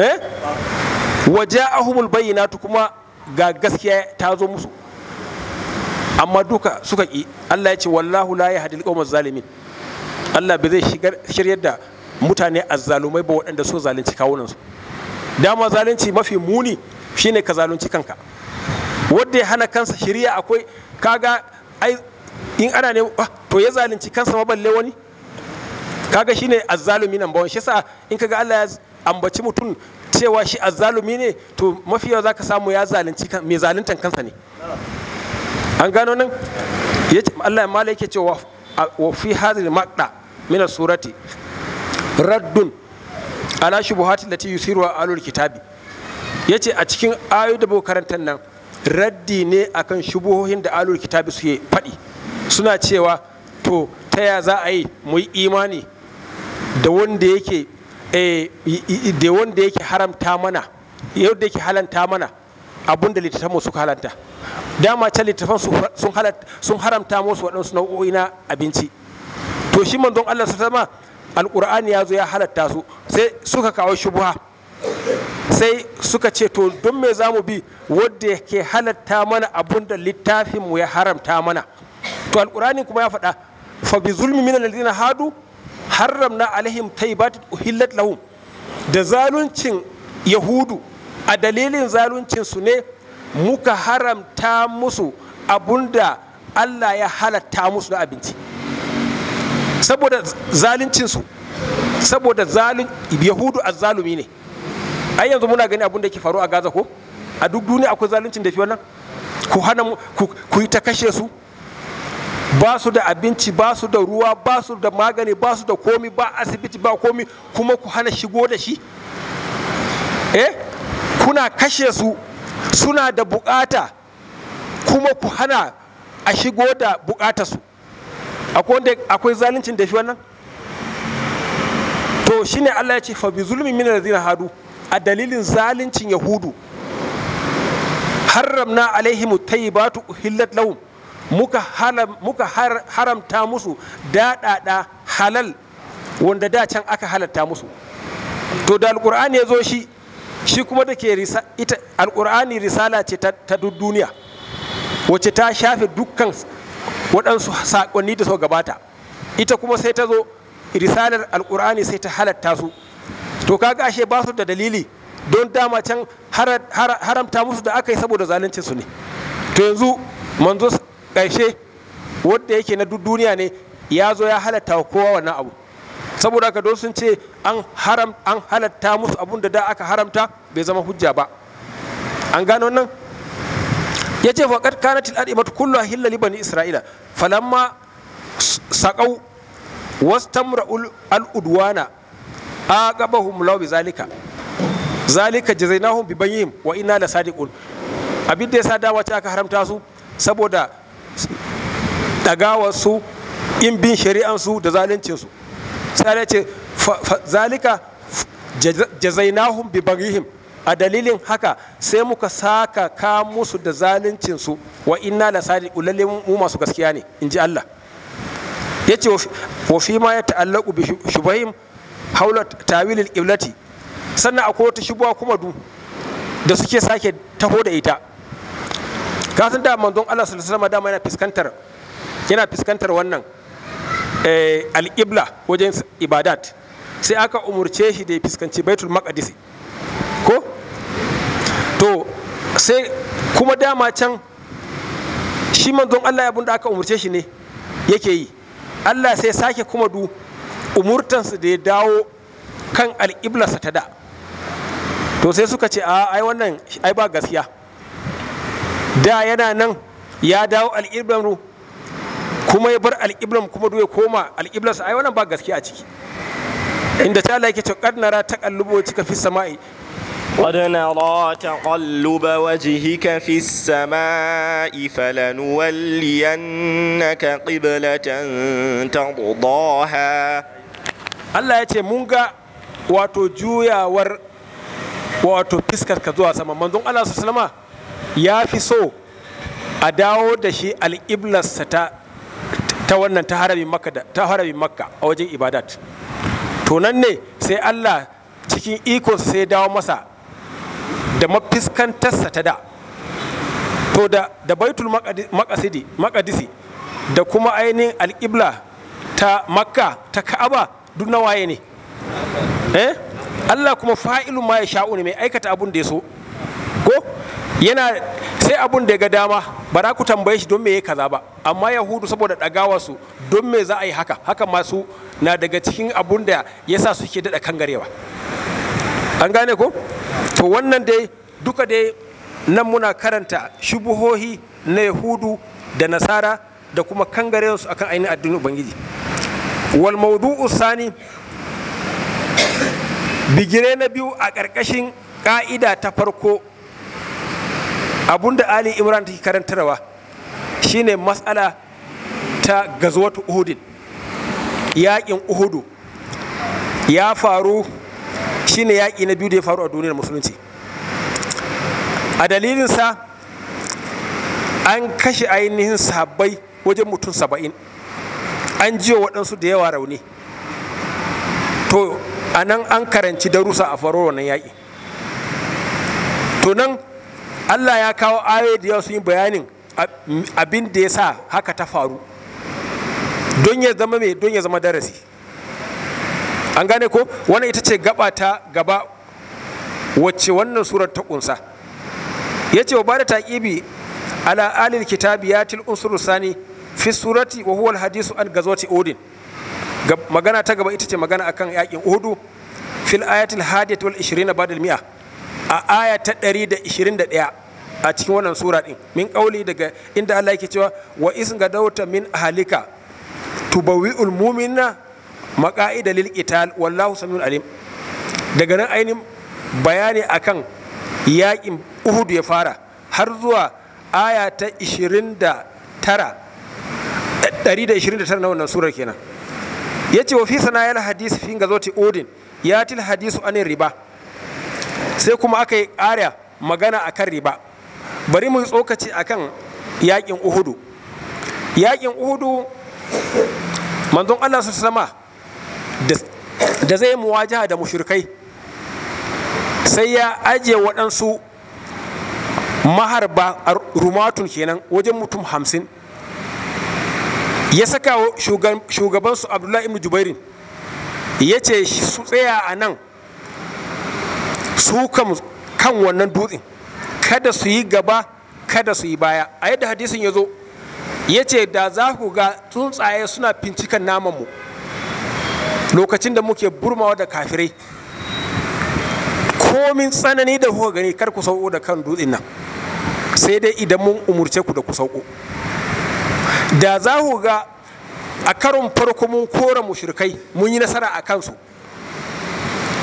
eh waja'ahumul bayyinatu kuma ga gaskiya ta zo musu amma duka suka ki Allah ya ce wallahu la yahdi al zalimin Allah bai zai shigar shiryar da mutane azzalumai ba waɗanda so zalunci su, dama zalunci mafi muni shine ka zalunci kanka wanda ya hana kansa shirya akwai kaga ai in ana ne ah, to ya zalunci kansa ma balle wani kaga shine azzalumi nan bawon shi yasa in kaga Allah ya ambaci mutum cewa shi azzalumi ne to mafiya za ka samu ya zalunci mai zaluntan kansa ne an gano nan Allah ya yake cewa wa fi hadhil maqta min surati raddun ala shubuhati lati yusiru alul kitabi yace a cikin ayoyi da karantar nan raddi ne akan shubuhohin da alul kitabi suke faɗi suna cewa to ta ya za a yi mu yi imani da wanda yake eh, da wanda yake haramta mana yadda yake halanta mana abun da littattafanmu suka halanta dama can littattafan sun haramta musu waɗansu nau'o'i na abinci to shi manzon Allah su zama alƙur'ani ya zo ya halatta su sai suka kawo shubuha sai suka ce to don me za mu bi wadda ke halatta mana abun da littafinmu ya haramta mana to alƙur'ani kuma ya faɗa fa bi zulmi min alladhina hadu na alaihim taibat uhillat lahum da zaluncin yahudu a dalilin zaluncin su ne muka haramta musu abunda Allah ya halatta musu na abinci saboda zaluncin su saboda zalun yahudu azzalumi ne ai yanzu muna gani abun da faru a Gaza ko a duk duniya akwai zaluncin da fi wannan ku hana ku ta kashe su ba su da abinci ba su da ruwa ba su da magani ba su da komi ba asibiti ba komi kuma ku hana shigo da shi eh kuna kashe su suna da bukata kuma ku hana a shigo da bukata su akwai zaluncin da shi wannan to shine Allah ya ce fa bi zulmi min alladhina hadu a dalilin zaluncin yahudu harramna alaihimu tayyibatu uhillat lahum muka, muka har, haramta musu daɗaɗa halal wanda da can aka halatta musu to da alƙur'ani ya zo shi shi kuma da ke ita alƙur'ani risala ce ta, ta duk duniya wacce ta shafe dukkan waɗansu saƙonni da sau gabata ita kuma sai ta zo risalar alƙur'ani sai ta halatta su to kaga ashe ba su da dalili don dama can haramta musu da aka yi saboda zalunci su ne to yanzu manzo ƙarshe wanda yake na duk duniya ne ya zo ya halatta wa kowa wannan abu saboda haka don sun ce an halatta musu abun da da aka haramta bai zama hujja ba an gano nan ya ce faƙar kanatil al'imatu kullu a hillali bani isra'ila falamma saƙau wasu tamra al'udwana a gabahum lau bi zalika zalika hun bi bayyihim wa ina da sadiƙun abin da sa dawa ce aka haramta su saboda ɗagawarsu in bin shari'ansu da zaluncinsu sai ya ce zalika jazainahum bi barihim a dalilin haka sai muka saka ka musu da zaluncinsu wa inna la sadiqu lalle mu masu gaskiya ne inji Allah ya wa fi ma ya ta'allaqu bi shubahim haula tawilil qiblati sannan akwai wata shubuwa kuma du da suke sake taho da ita ka san da manzon Allah sallallahu alaihi wasallam da yana fuskantar yana fiskantar wannan eh, al-qibla wajen ibadat sai aka umurce shi da ya fuskanci baitul maqdis ko to sai kuma dama can shi manzon Allah ya da aka umurce shi ne yake yi Allah sai sake kuma du umurtansu da ya dawo kan sa ta da to sai suka ce a ai wannan ai ba gaskiya da yana nan ya dawo al'ibramu kuma ya bar al'ibram kuma duk ya koma al'ibrasa ai wannan ba gaske a ciki inda ta laike ta kad nara ta kallubo cika fi sama'i qad nara ta kalluba wajhika kafin sama'i walliyan na ta qiblatan ha. Allah ya ce mun ga wato juyawar wato fiskar ka zuwa sama manzon Allah sallallahu alaihi ya fi so a dawo da shi al'iblarsa ta ta wannan ta harabin makka ta harabin makka a wajen ibadat to nan ne sai Allah cikin iko sai dawo masa da mafiskantarsa ta da to da da baitul maqasidi maqadisi da kuma ainihin alƙibla ta makka ta ka'aba duk na waye ne eh Allah kuma fa'ilun ma ya sha'u ne mai aikata abun da ya so ko yana sai abun da ga dama ba za ku tambaye shi don me ya kaza ba amma yahudu saboda ɗagawa su don me za a yi haka haka masu na daga cikin abun da ya sa suke daɗa kangarewa an gane ko to wannan dai duka dai nan muna karanta shubuhohi na yahudu da nasara da kuma kangarewa su akan ainihin addinin ubangiji wal maudu'u sani bigire na biyu a ƙarƙashin ƙa'ida ta farko da ali imran take karantarwa shine matsala ta gazuwatu uhudin yaƙin uhudu ya faru shine yaƙi na biyu da ya faru a duniyar musulunci a dalilinsa an kashe ainihin sahabbai wajen mutum saba'in an jiwa waɗansu da yawa rauni to a nan an karanci darusa a faruwar wannan yaƙi to nan Allah ya kawo ayoyi da yawa sun yi bayanin abin da ya sa haka ta faru don ya zama mai don ya zama darasi an gane ko wannan ita ce gaba ta gaba wacce wannan surar ta kunsa ya ce wa ba da taƙibi ala alil kitabi ya til unsuru sani fi surati wa huwa hadisu an gazwati odin magana ta gaba ita ce magana akan yakin odu fil ayatil hadiyat wal 20 ba'da mi'a a aya ta 121 a cikin wannan sura din min kauli daga inda Allah yake cewa wa ga dauta min ahalika tubawi'ul mu'minina maqa'ida lil qital wallahu samiul alim daga nan ainihin bayani akan yaƙin Uhud ya fara har zuwa aya ta 29 129 na wannan surar kenan yace wa fi sana'il hadisi fi gazoti odin yatil hadisu anin riba sai kuma aka yi ƙara magana a kan riba bari mu tsokaci a kan yaƙin uhudu yaƙin uhudu manzon allah su sama da zai mu wajaha da mushrikai sai ya ajiye waɗansu maharba a rumatun kenan wajen mutum hamsin ya saka shugabansu abdullahi ibn jubairin ya ce su tsaya a nan su kan wannan dutsen kada su yi gaba kada su yi baya a yadda hadisin ya zo ya ce da za ku ga tsuntsaye suna fincikan namanmu lokacin da muke burmawa da kafirai komin tsanani da kuka gani kar ku sauko da kan dutsen nan sai dai idan mun umurce ku da ku sauko da za ku ga a karon farko mun kora mushrikai mun yi nasara a kansu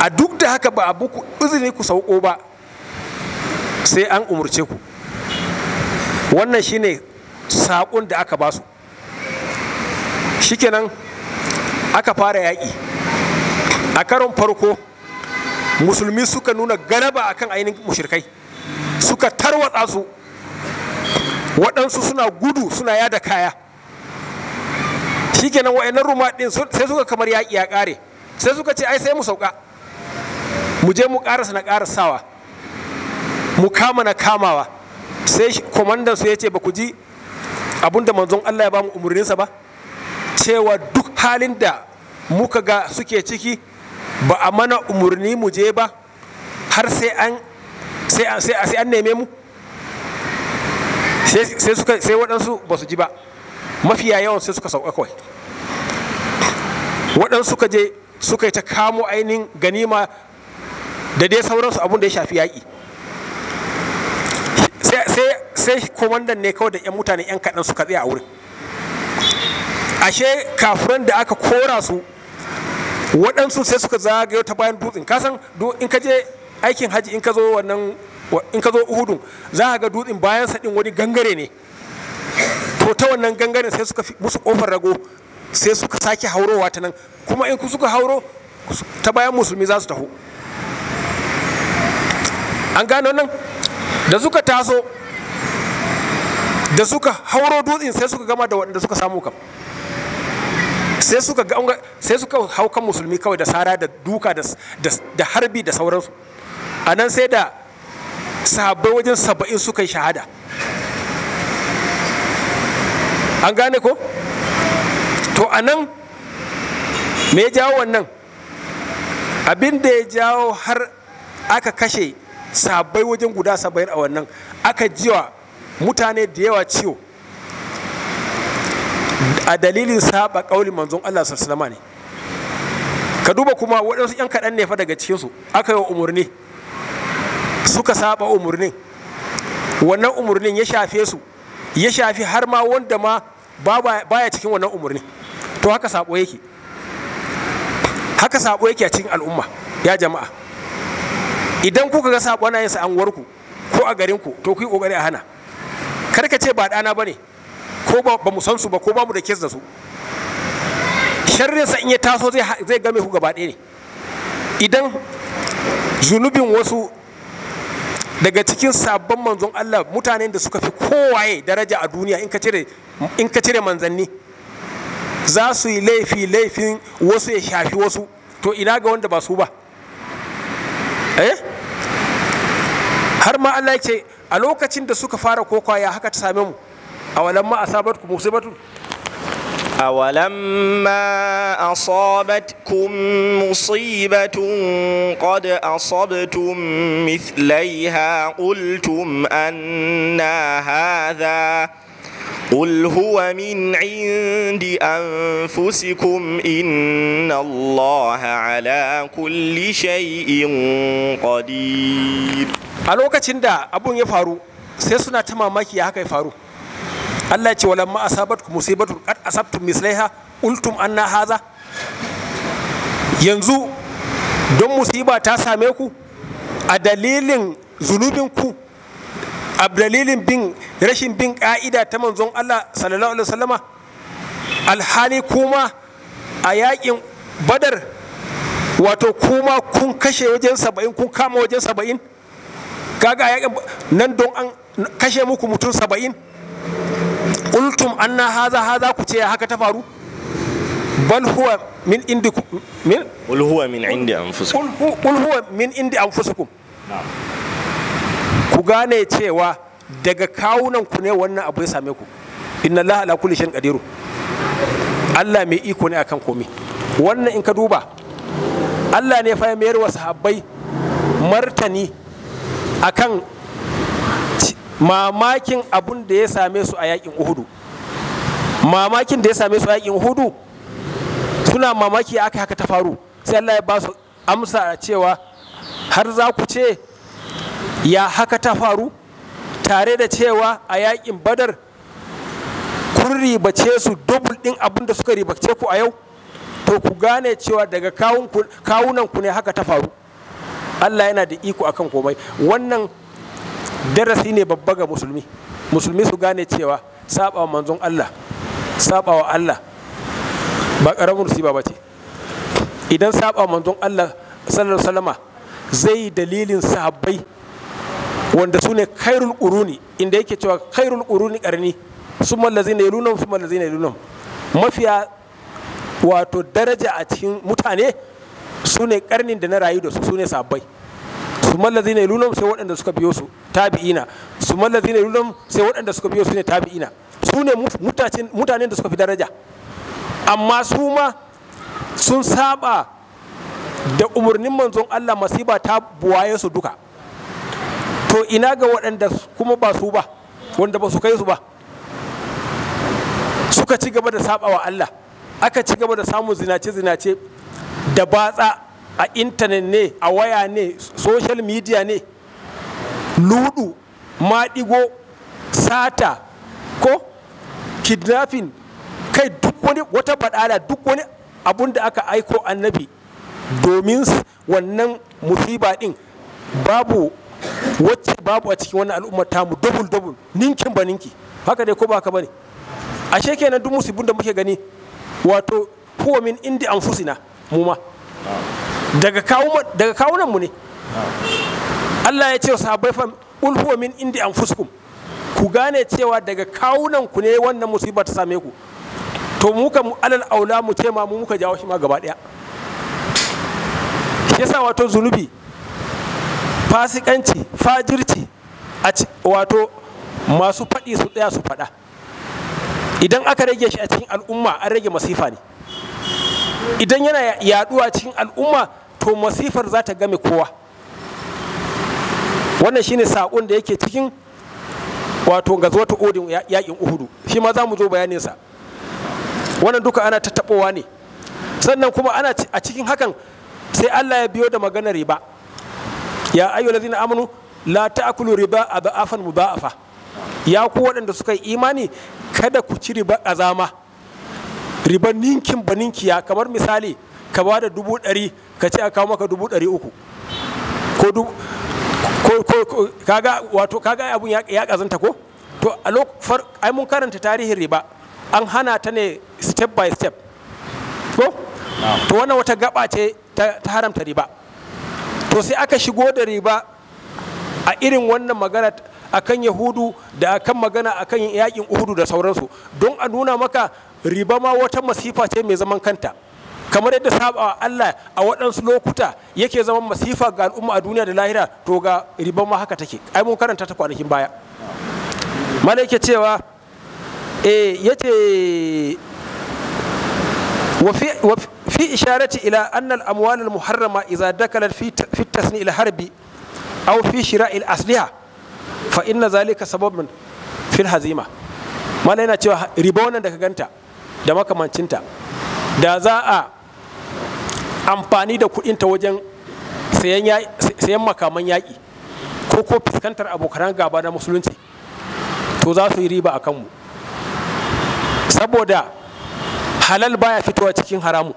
a duk da haka ba a buku izini ku sauko ba sai an umurce ku wannan shine saƙon da aka basu shikenan aka fara yaƙi a karon farko musulmi suka nuna garaba akan ainihin mushirkai suka tarwatsa su waɗansu suna gudu suna yada kaya shikenan wa'annan ruma sai suka kamar yaƙi ya ƙare sai suka ce ai sai mu sauka mu je mu karasa na karasawa mu kama na kamawa sai kwamandan su ya ce ba ku ji abinda manzon Allah ya ba mu umarninsa ba cewa duk halin da muka ga suke ciki ba a mana umarni mu je ba har sai an sai an neme mu sai suka sai waɗansu ba su ji ba mafiya yawan sai suka sauka kawai waɗansu suka je suka yi ta kamo ainihin ganima da dai sauransu abun da ya shafi yaƙi sai komandan ne kawai da 'yan mutane 'yan kaɗan suka tsaye a wurin ashe kafuran da aka kora su waɗansu sai suka zagayo ta bayan dutsen kasan in ka je aikin haji in ka zo wannan in ka zo uhudun za a ga dutsen bayan saɗin wani gangare ne to ta wannan gangaren sai suka musu ƙofar rago sai suka sake haurowa ta nan kuma in suka hauro ta bayan musulmi za su taho an gano nan da suka taso da suka hauro dutsen sai suka gama da waɗanda suka samu kam sai suka sai suka hau kan musulmi kawai da sara da duka da harbi da sauransu a nan sai da sahabbai wajen saba'in suka yi shahada an gane ko to a nan me ya jawo wannan abin da ya jawo har aka kashe sabai wajen guda saba'in a wannan aka jiwa mutane da yawa ciwo a dalilin saba kaulin manzon Allah sallama ne ka duba kuma waɗansu 'yan kaɗan ne fa daga cikinsu aka yi umarni suka saba umarnin wannan umarnin ya shafe su ya shafi har ma wanda ma baya cikin wannan umarnin, to haka sabo yake haka sabo yake a cikin al'umma ya jama'a idan kuka ga sabo ana yin sa ko a garin ku to ku yi kokari a hana kar ka ce ba dana bane ko ba mu san su ba ko ba mu da kes da su sharrin sa in ya taso zai zai game ku gaba ɗaya ne idan zunubin wasu daga cikin sabon manzon Allah mutanen da suka fi kowaye daraja a duniya in ka cire in ka cire manzanni za su yi laifi laifin wasu ya shafi wasu to ina ga wanda ba su ba eh har ma Allah yake a lokacin da suka fara kokwaya haka ta same mu a walamma asabatkum musibatun أولما أصابتكم مصيبة قد أصبتم مثليها قلتم أنا هذا ؟ قل هو من عند أنفسكم إن الله على كل شيء قدير a lokacin da abun ya faru sai suna ta mamaki ya haka ya faru Allah ce walamma asabatkum musibatun qad asabtum mislaiha ultum anna haza yanzu don musiba ta same ku a dalilin zunubin ku abdalilin bin rashin bin ka'ida ta manzon Allah sallallahu alaihi wasallama alhali kuma a yakin badar wato kuma kun kashe wajen saba'in kun kama wajen saba'in kaga a yakin nan don an kashe muku mutum saba'in an anna haza haza ku ce haka ta faru bal huwa min indi min qul huwa min indi qul huwa min indi ku gane cewa daga kawunan ku ne wannan abu ya same ku inna allaha ala kulli shay'in qadiru Allah mai iko ne akan komai wannan in ka duba Allah ne fa ya mayar wa sahabbai martani akan mamakin abun da ya same su a yakin Uhudu mamakin da ya same su a yakin Uhudu suna mamaki aka haka ta faru sai Allah ya ba su amsa cewa har za ku ce ya haka ta faru tare da cewa a yakin badar kun ribace su dubul ɗin abin da suka ribace ku a yau to ku gane cewa daga kawunan ku ne haka ta faru allah yana da iko akan komai wannan darasi ne babba ga musulmi musulmi su gane cewa saba manzon allah saba wa allah ba ƙaramin musiba ba ce idan saba manzon allah sallallahu alaihi wasallama zai dalilin sahabbai wanda su ne khairul uruni inda yake cewa khairul uruni karni su summa allazina su mallazi ne yalunhum mafiya wato daraja a cikin mutane su ne karnin da na rayu da su su ne sabbai su mallazi ne lulum sai waɗanda suka biyo su tabi'ina su mallazi ne lulum sai waɗanda suka biyo su ne tabi'ina su ne mutane da suka fi daraja amma su ma sun saba da umarnin manzon Allah masiba ta buwaye su duka to ina ga waɗanda kuma ba su ba wanda ba su kai su ba suka ci gaba da sabawa Allah aka ci gaba da samun zinace-zinace da batsa a intanet ne a waya ne social media ne ludu maɗigo sata ko kidnafin kai duk wani wata badala duk wani abun da aka aiko annabi domin wannan musiba ɗin babu wacce babu a cikin wannan al'ummar tamu dubul dubul ninkin ba ninki haka dai ko ba haka bane ashe kenan duk musibin da muke gani wato huwa min indi anfusina mu ma daga kawo daga mu ne Allah ya ce wa sahabbai fa ul huwa min indi anfusikum ku gane cewa daga nan ku ne wannan musiba ta same ku to mu kan alal aula mu ce ma mu muka jawo shi ma gaba daya yasa wato zunubi fasikanci fajirci wato masu faɗi su tsaya su faɗa idan aka rage shi a cikin al'umma an rage masifa ne idan yana yaduwa cikin al'umma to masifar za ta game kowa wannan shine saƙon da yake cikin wato ta odin yakin uhudu shi ma za mu zo bayaninsa wannan duka ana tattaɓowa ne sannan kuma ana a cikin hakan sai allah ya biyo da maganar riba ya ayyu lazina amanu la ta'kulu riba adafan mudafa ya ku waɗanda suka yi imani kada ku ci riba azama riba ninkin ba ninkiya kamar misali ka ba da dubu ɗari ka ce a kawo maka dubu ɗari uku ko ko kaga wato kaga abun ya kazanta ko to a lokacin ai mun karanta tarihin riba an hana ta ne step by step ko to wannan wata gaba ce ta haramta riba to sai aka shigo da riba a irin wannan magana akan yahudu da akan magana akan yakin uhudu da sauransu don a nuna maka riba ma wata masifa ce mai zaman kanta kamar yadda saba Allah a waɗansu lokuta yake zama masifa ga al'umma a duniya da lahira to ga riba ma haka take ai mun karanta ta kwanakin baya mana yake cewa e yace وفي إشارة إلى أن الأموال المحرمة إذا دخلت في في التصنيع الحربي أو في شراء الأسلحة فإن ذلك سبب في الهزيمة ما لنا تشوى ربونا دك جنتا دمك من تنتا دازا amfani da kuɗin ta wajen sayan makaman yaƙi ko ko fuskantar abokan gaba na musulunci to za su yi riba a kanmu saboda halal baya fitowa cikin haramu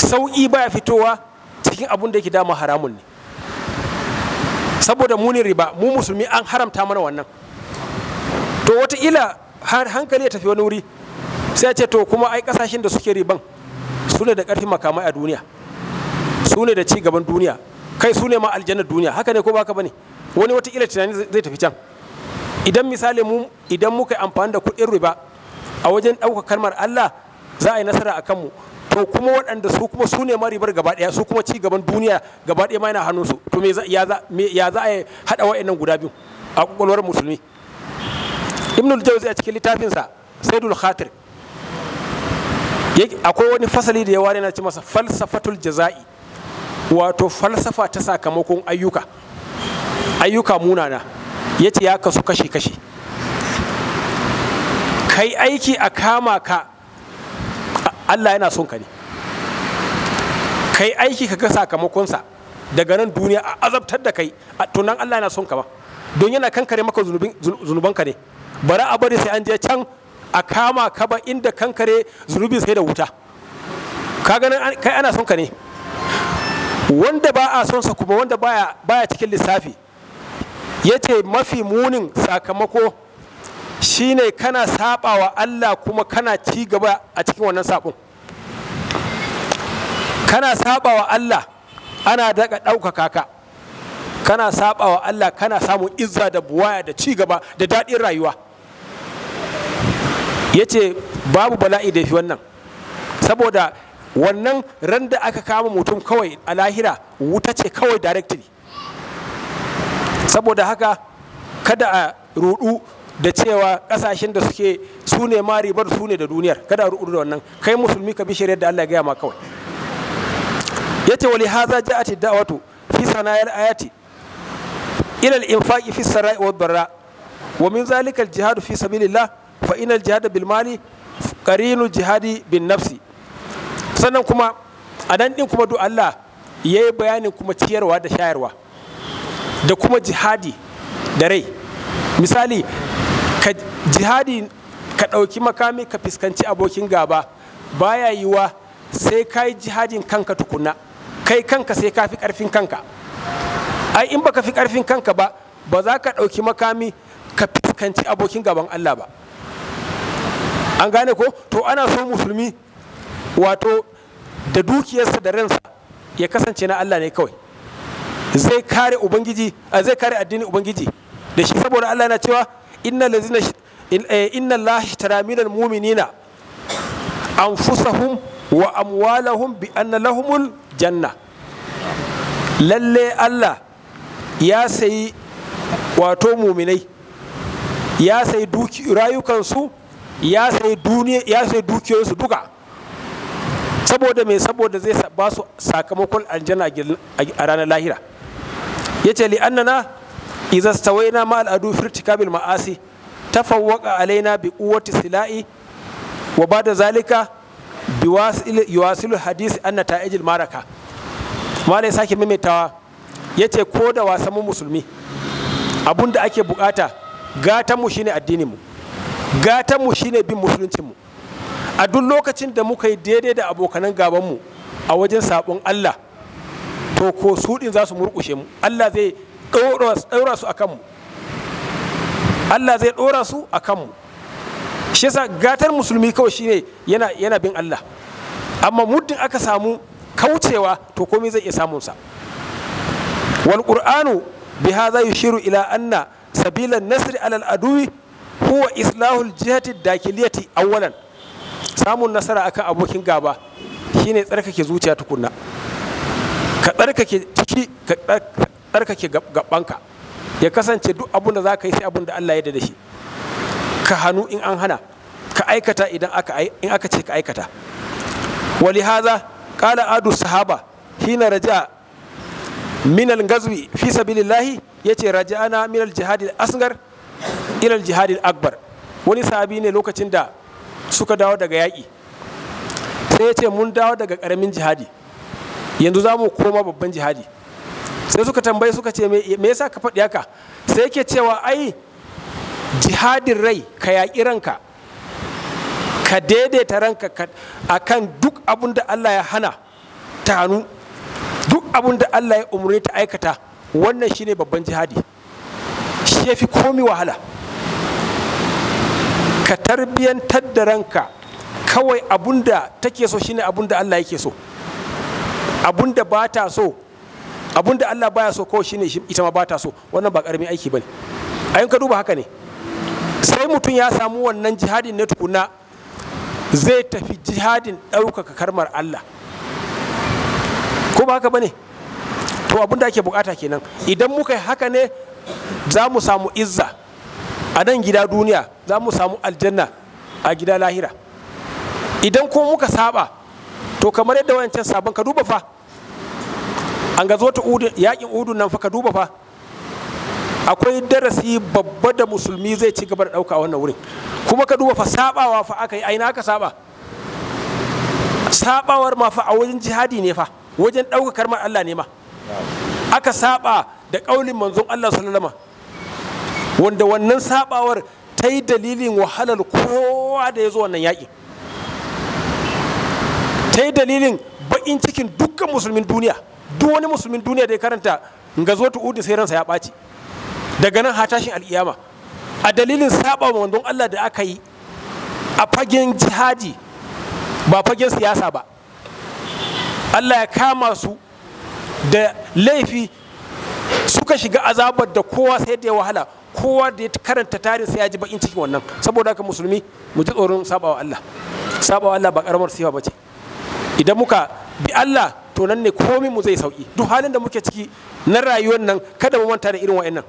sau'i baya fitowa cikin abun da yake dama haramun ne saboda munin riba mu musulmi an haramta mana wannan to wataƙila hankali ya tafi wani wuri sai ce to kuma ai kasashen da suke riban su ne da ƙarfin makamai a duniya su ne da ci gaban duniya kai su ne ma aljannar duniya haka ne ko baka bane wani wataƙila tunani zai tafi can idan misali mu idan muka yi amfani da kuɗin riba a wajen ɗauka kalmar Allah za a yi nasara a kanmu to kuma waɗanda su kuma su ne maribar gaba ɗaya su kuma ci gaban duniya gaba ɗaya ma yana hannunsu to me ya za a haɗa wa'annan guda biyu a ƙwaƙwalwar musulmi ibnul jauzi a cikin littafinsa saidul khatir akwai wani fasali da ya ware na ce masa falsafatul jaza'i wato falsafa ta sakamakon ayyuka ayyuka munana ya ce ya kasu kashe-kashe. kai aiki a kama ka Allah yana son ka ne kai aiki ka ga sakamakonsa daga nan duniya a azabtar da kai a tunan Allah yana son ka ba don yana kankare maka zunubanka ne Bari a bari sai an je can a kama ka ba inda kankare zunubi sai da wuta ka ganin kai ana son ka ne wanda ba a son sa kuma wanda baya baya cikin lissafi yace mafi munin sakamako Shi shine kana saba wa Allah kuma kana ci gaba a cikin wannan sabon kana saba wa Allah ana daga ɗaukaka ka kana saba wa Allah kana samun izza da buwaya da ci gaba da daɗin rayuwa Ya ce babu bala'i da fi wannan saboda wannan ran da aka kama mutum kawai a lahira wuta ce kawai directly saboda haka kada a ruɗu. da cewa kasashen da suke su ne mari bar su ne da duniyar kada a rubuta wannan kai musulmi ka bi shari'ar da Allah ya gaya ma kawai yace wali haza ja'ati da'watu fi sanayil ayati ila al-infaqi fi sarai wa barra wa min zalika al-jihad fi sabilillah fa inal jihad bil mali qarinu jihadi bin nafsi sannan kuma a nan din kuma duk Allah yayi bayanin kuma ciyarwa da shayarwa da kuma jihadi da rai misali ka jihadi ka ɗauki makami ka fuskanci abokin gaba baya yiwa sai ka yi jihadin kanka tukuna kai kanka sai ka fi ƙarfin kanka ai in baka fi ƙarfin kanka ba ba za ka ɗauki makami ka fuskanci abokin gaban Allah ba an gane ko to ana so musulmi wato da dukiyarsa da ransa ya kasance na Allah ne kawai zai kare ubangiji zai kare addinin ubangiji da shi saboda Allah na cewa inna lahi ishtara muminina mu'minina fusahun wa amwalahum bi anna lahumul janna lalle Allah ya sayi wato muminai ya sayi rayukansu ya sayi dukiyoyinsu duka saboda mai saboda zai ba su sakamakon aljanna a ranar lahira ya ce li'annana idza stawaina ma al'adu fi ma'asi tafawwaqa alaina bi quwwati sila'i wa da zalika yuwasilu hadis anna ta'ijil maraka malai sake maimaitawa yace ko da wasan mu musulmi abun da ake bukata gatan mu shine addinin mu gatan mu shine bin musuluncin mu a duk lokacin da muka yi daidai da abokanan gaban mu a wajen sabon Allah to ko su za su murkushe mu Allah zai ɗora su a kanmu Allah zai ɗora su a kanmu shi yasa gatar musulmi kawai shine yana yana bin Allah amma muddin aka samu kaucewa to komai zai iya samunsa wal qur'anu bi hadha yushiru ila anna sabilan nasri alal adui huwa islahul jihati dakiliyati awwalan samun nasara akan abokin gaba shine tsarkake zuciya tukunna ka tsarkake ciki ka tsarkake gabanka ya kasance duk abin da za ka yi sai abin da Allah ya da shi ka hannu in an hana ka aikata idan aka in aka ce ka aikata wali haza qala adu sahaba hina raja Minal Gazwi ghazwi fi sabilillahi yace raja'ana min al-jihad al-asghar ila al-jihad akbar wani sahabi ne lokacin da suka dawo daga yaki? sai yace mun dawo daga ƙaramin jihadi yanzu za mu koma babban jihadi sai suka tambaye suka ce me yasa ka faɗi haka sai yake cewa ai jihadin rai ka yaƙi ranka ka daidaita ranka a kan duk abin da Allah ya hana ta hannu duk abin da Allah ya umarni ta aikata wannan shine babban jihadi shi ya fi komi wahala ka tarbiyyantar da ranka kawai abun da take so shine abun da Allah yake so abun da ba ta so abun da Allah baya so kawai shine ita ma bata so wannan ba karamin aiki bane a ka duba haka ne sai mutum ya samu wannan jihadin na tukuna zai tafi jihadin ɗaukaka karmar Allah ko ba haka bane to abin da ake bukata kenan idan muka yi haka ne za mu samu izza a nan gida duniya za mu samu aljanna a gida lahira idan ko muka saba to kamar yadda wancan sabon ka duba fa an ga zo ta yakin udun nan fa ka duba fa akwai darasi babba da musulmi zai ci gaba da ɗauka a wannan wurin kuma ka duba fa sabawa fa aka yi aina aka saba sabawar ma fa a wajen jihadi ne fa wajen ɗauka karma Allah ne ma aka saba da ƙaunin manzon Allah sallallahu wanda wannan sabawar ta yi dalilin wahalar kowa da ya zo wannan yaƙi ta yi dalilin baƙin cikin dukkan musulmin duniya duk wani musulmin duniya da ya karanta ga zo ta udu sai ransa ya ɓaci daga nan hatashin al'iyama a dalilin saba wa wandon Allah da aka yi a fagen jihadi ba fagen siyasa ba Allah ya kama su da laifi suka shiga azabar da kowa sai da ya wahala kowa da ya karanta tarin sai ya ji bakin cikin wannan saboda haka musulmi mu ji tsoron sabawa Allah sabawa Allah ba karamar sifa ce, idan muka bi Allah to nan ne komai mu zai sauki duk halin da muke ciki na rayuwar nan kada mu manta da irin wa'annan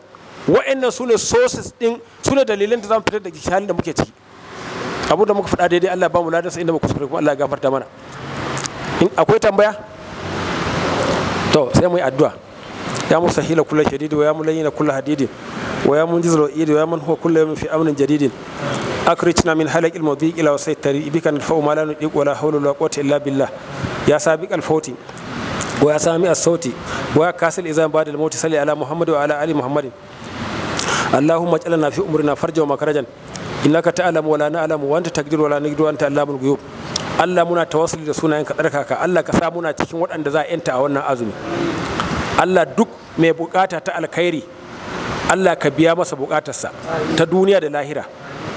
wa'annan su ne sources din su ne dalilan da zamu fitar da halin da muke ciki abu da muka faɗa daidai Allah ba mu ladan sai inda muka kuskure kuma Allah ya gafarta mana in akwai tambaya to sai mu yi addu'a يا مسهل كل شديد ويا ملين كل حديد ويا منجز الوئيد ويا من هو كل يوم في أمن جديد أكرتنا من حلق المضيق إلى وسيط الطريق بك نلفو ما لا نطيق ولا حول ولا قوة إلا بالله يا سابق الفوت ويا سامي الصوت ويا كاسل إذا بعد الموت صلي على محمد وعلى آل محمد اللهم اجعلنا في أمرنا فرجا ومخرجا إنك تعلم ولا نعلم وأنت تقدر ولا نقدر وأنت علام الغيوب Allah muna tawassuli da sunayenka tsarkaka Allah ka sa muna cikin waɗanda za a yanta a wannan azumi Allah duk mai bukata ta alkhairi Allah ka biya masa bukatarsa ta duniya da lahira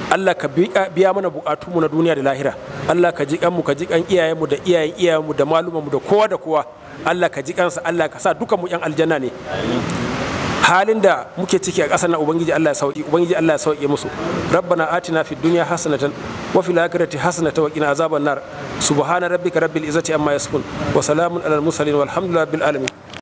Allah ka biya mana mu na duniya da lahira Allah ka ji kanmu ka ji kan iyayenmu da iyayen iyayenmu da malumanmu da kowa da kowa Allah ka ji kansa Allah ka sa dukan mu yan aljanna ne halin da muke ciki a ƙasar na ubangiji Allah ya sauki ubangiji Allah ya sauke musu rabbana atina fid dunya hasanatan wa fil akhirati hasanatan wa qina azaban nar subhana rabbika rabbil izzati amma yasifun wa salamun alal mursalin walhamdulillahi rabbil alamin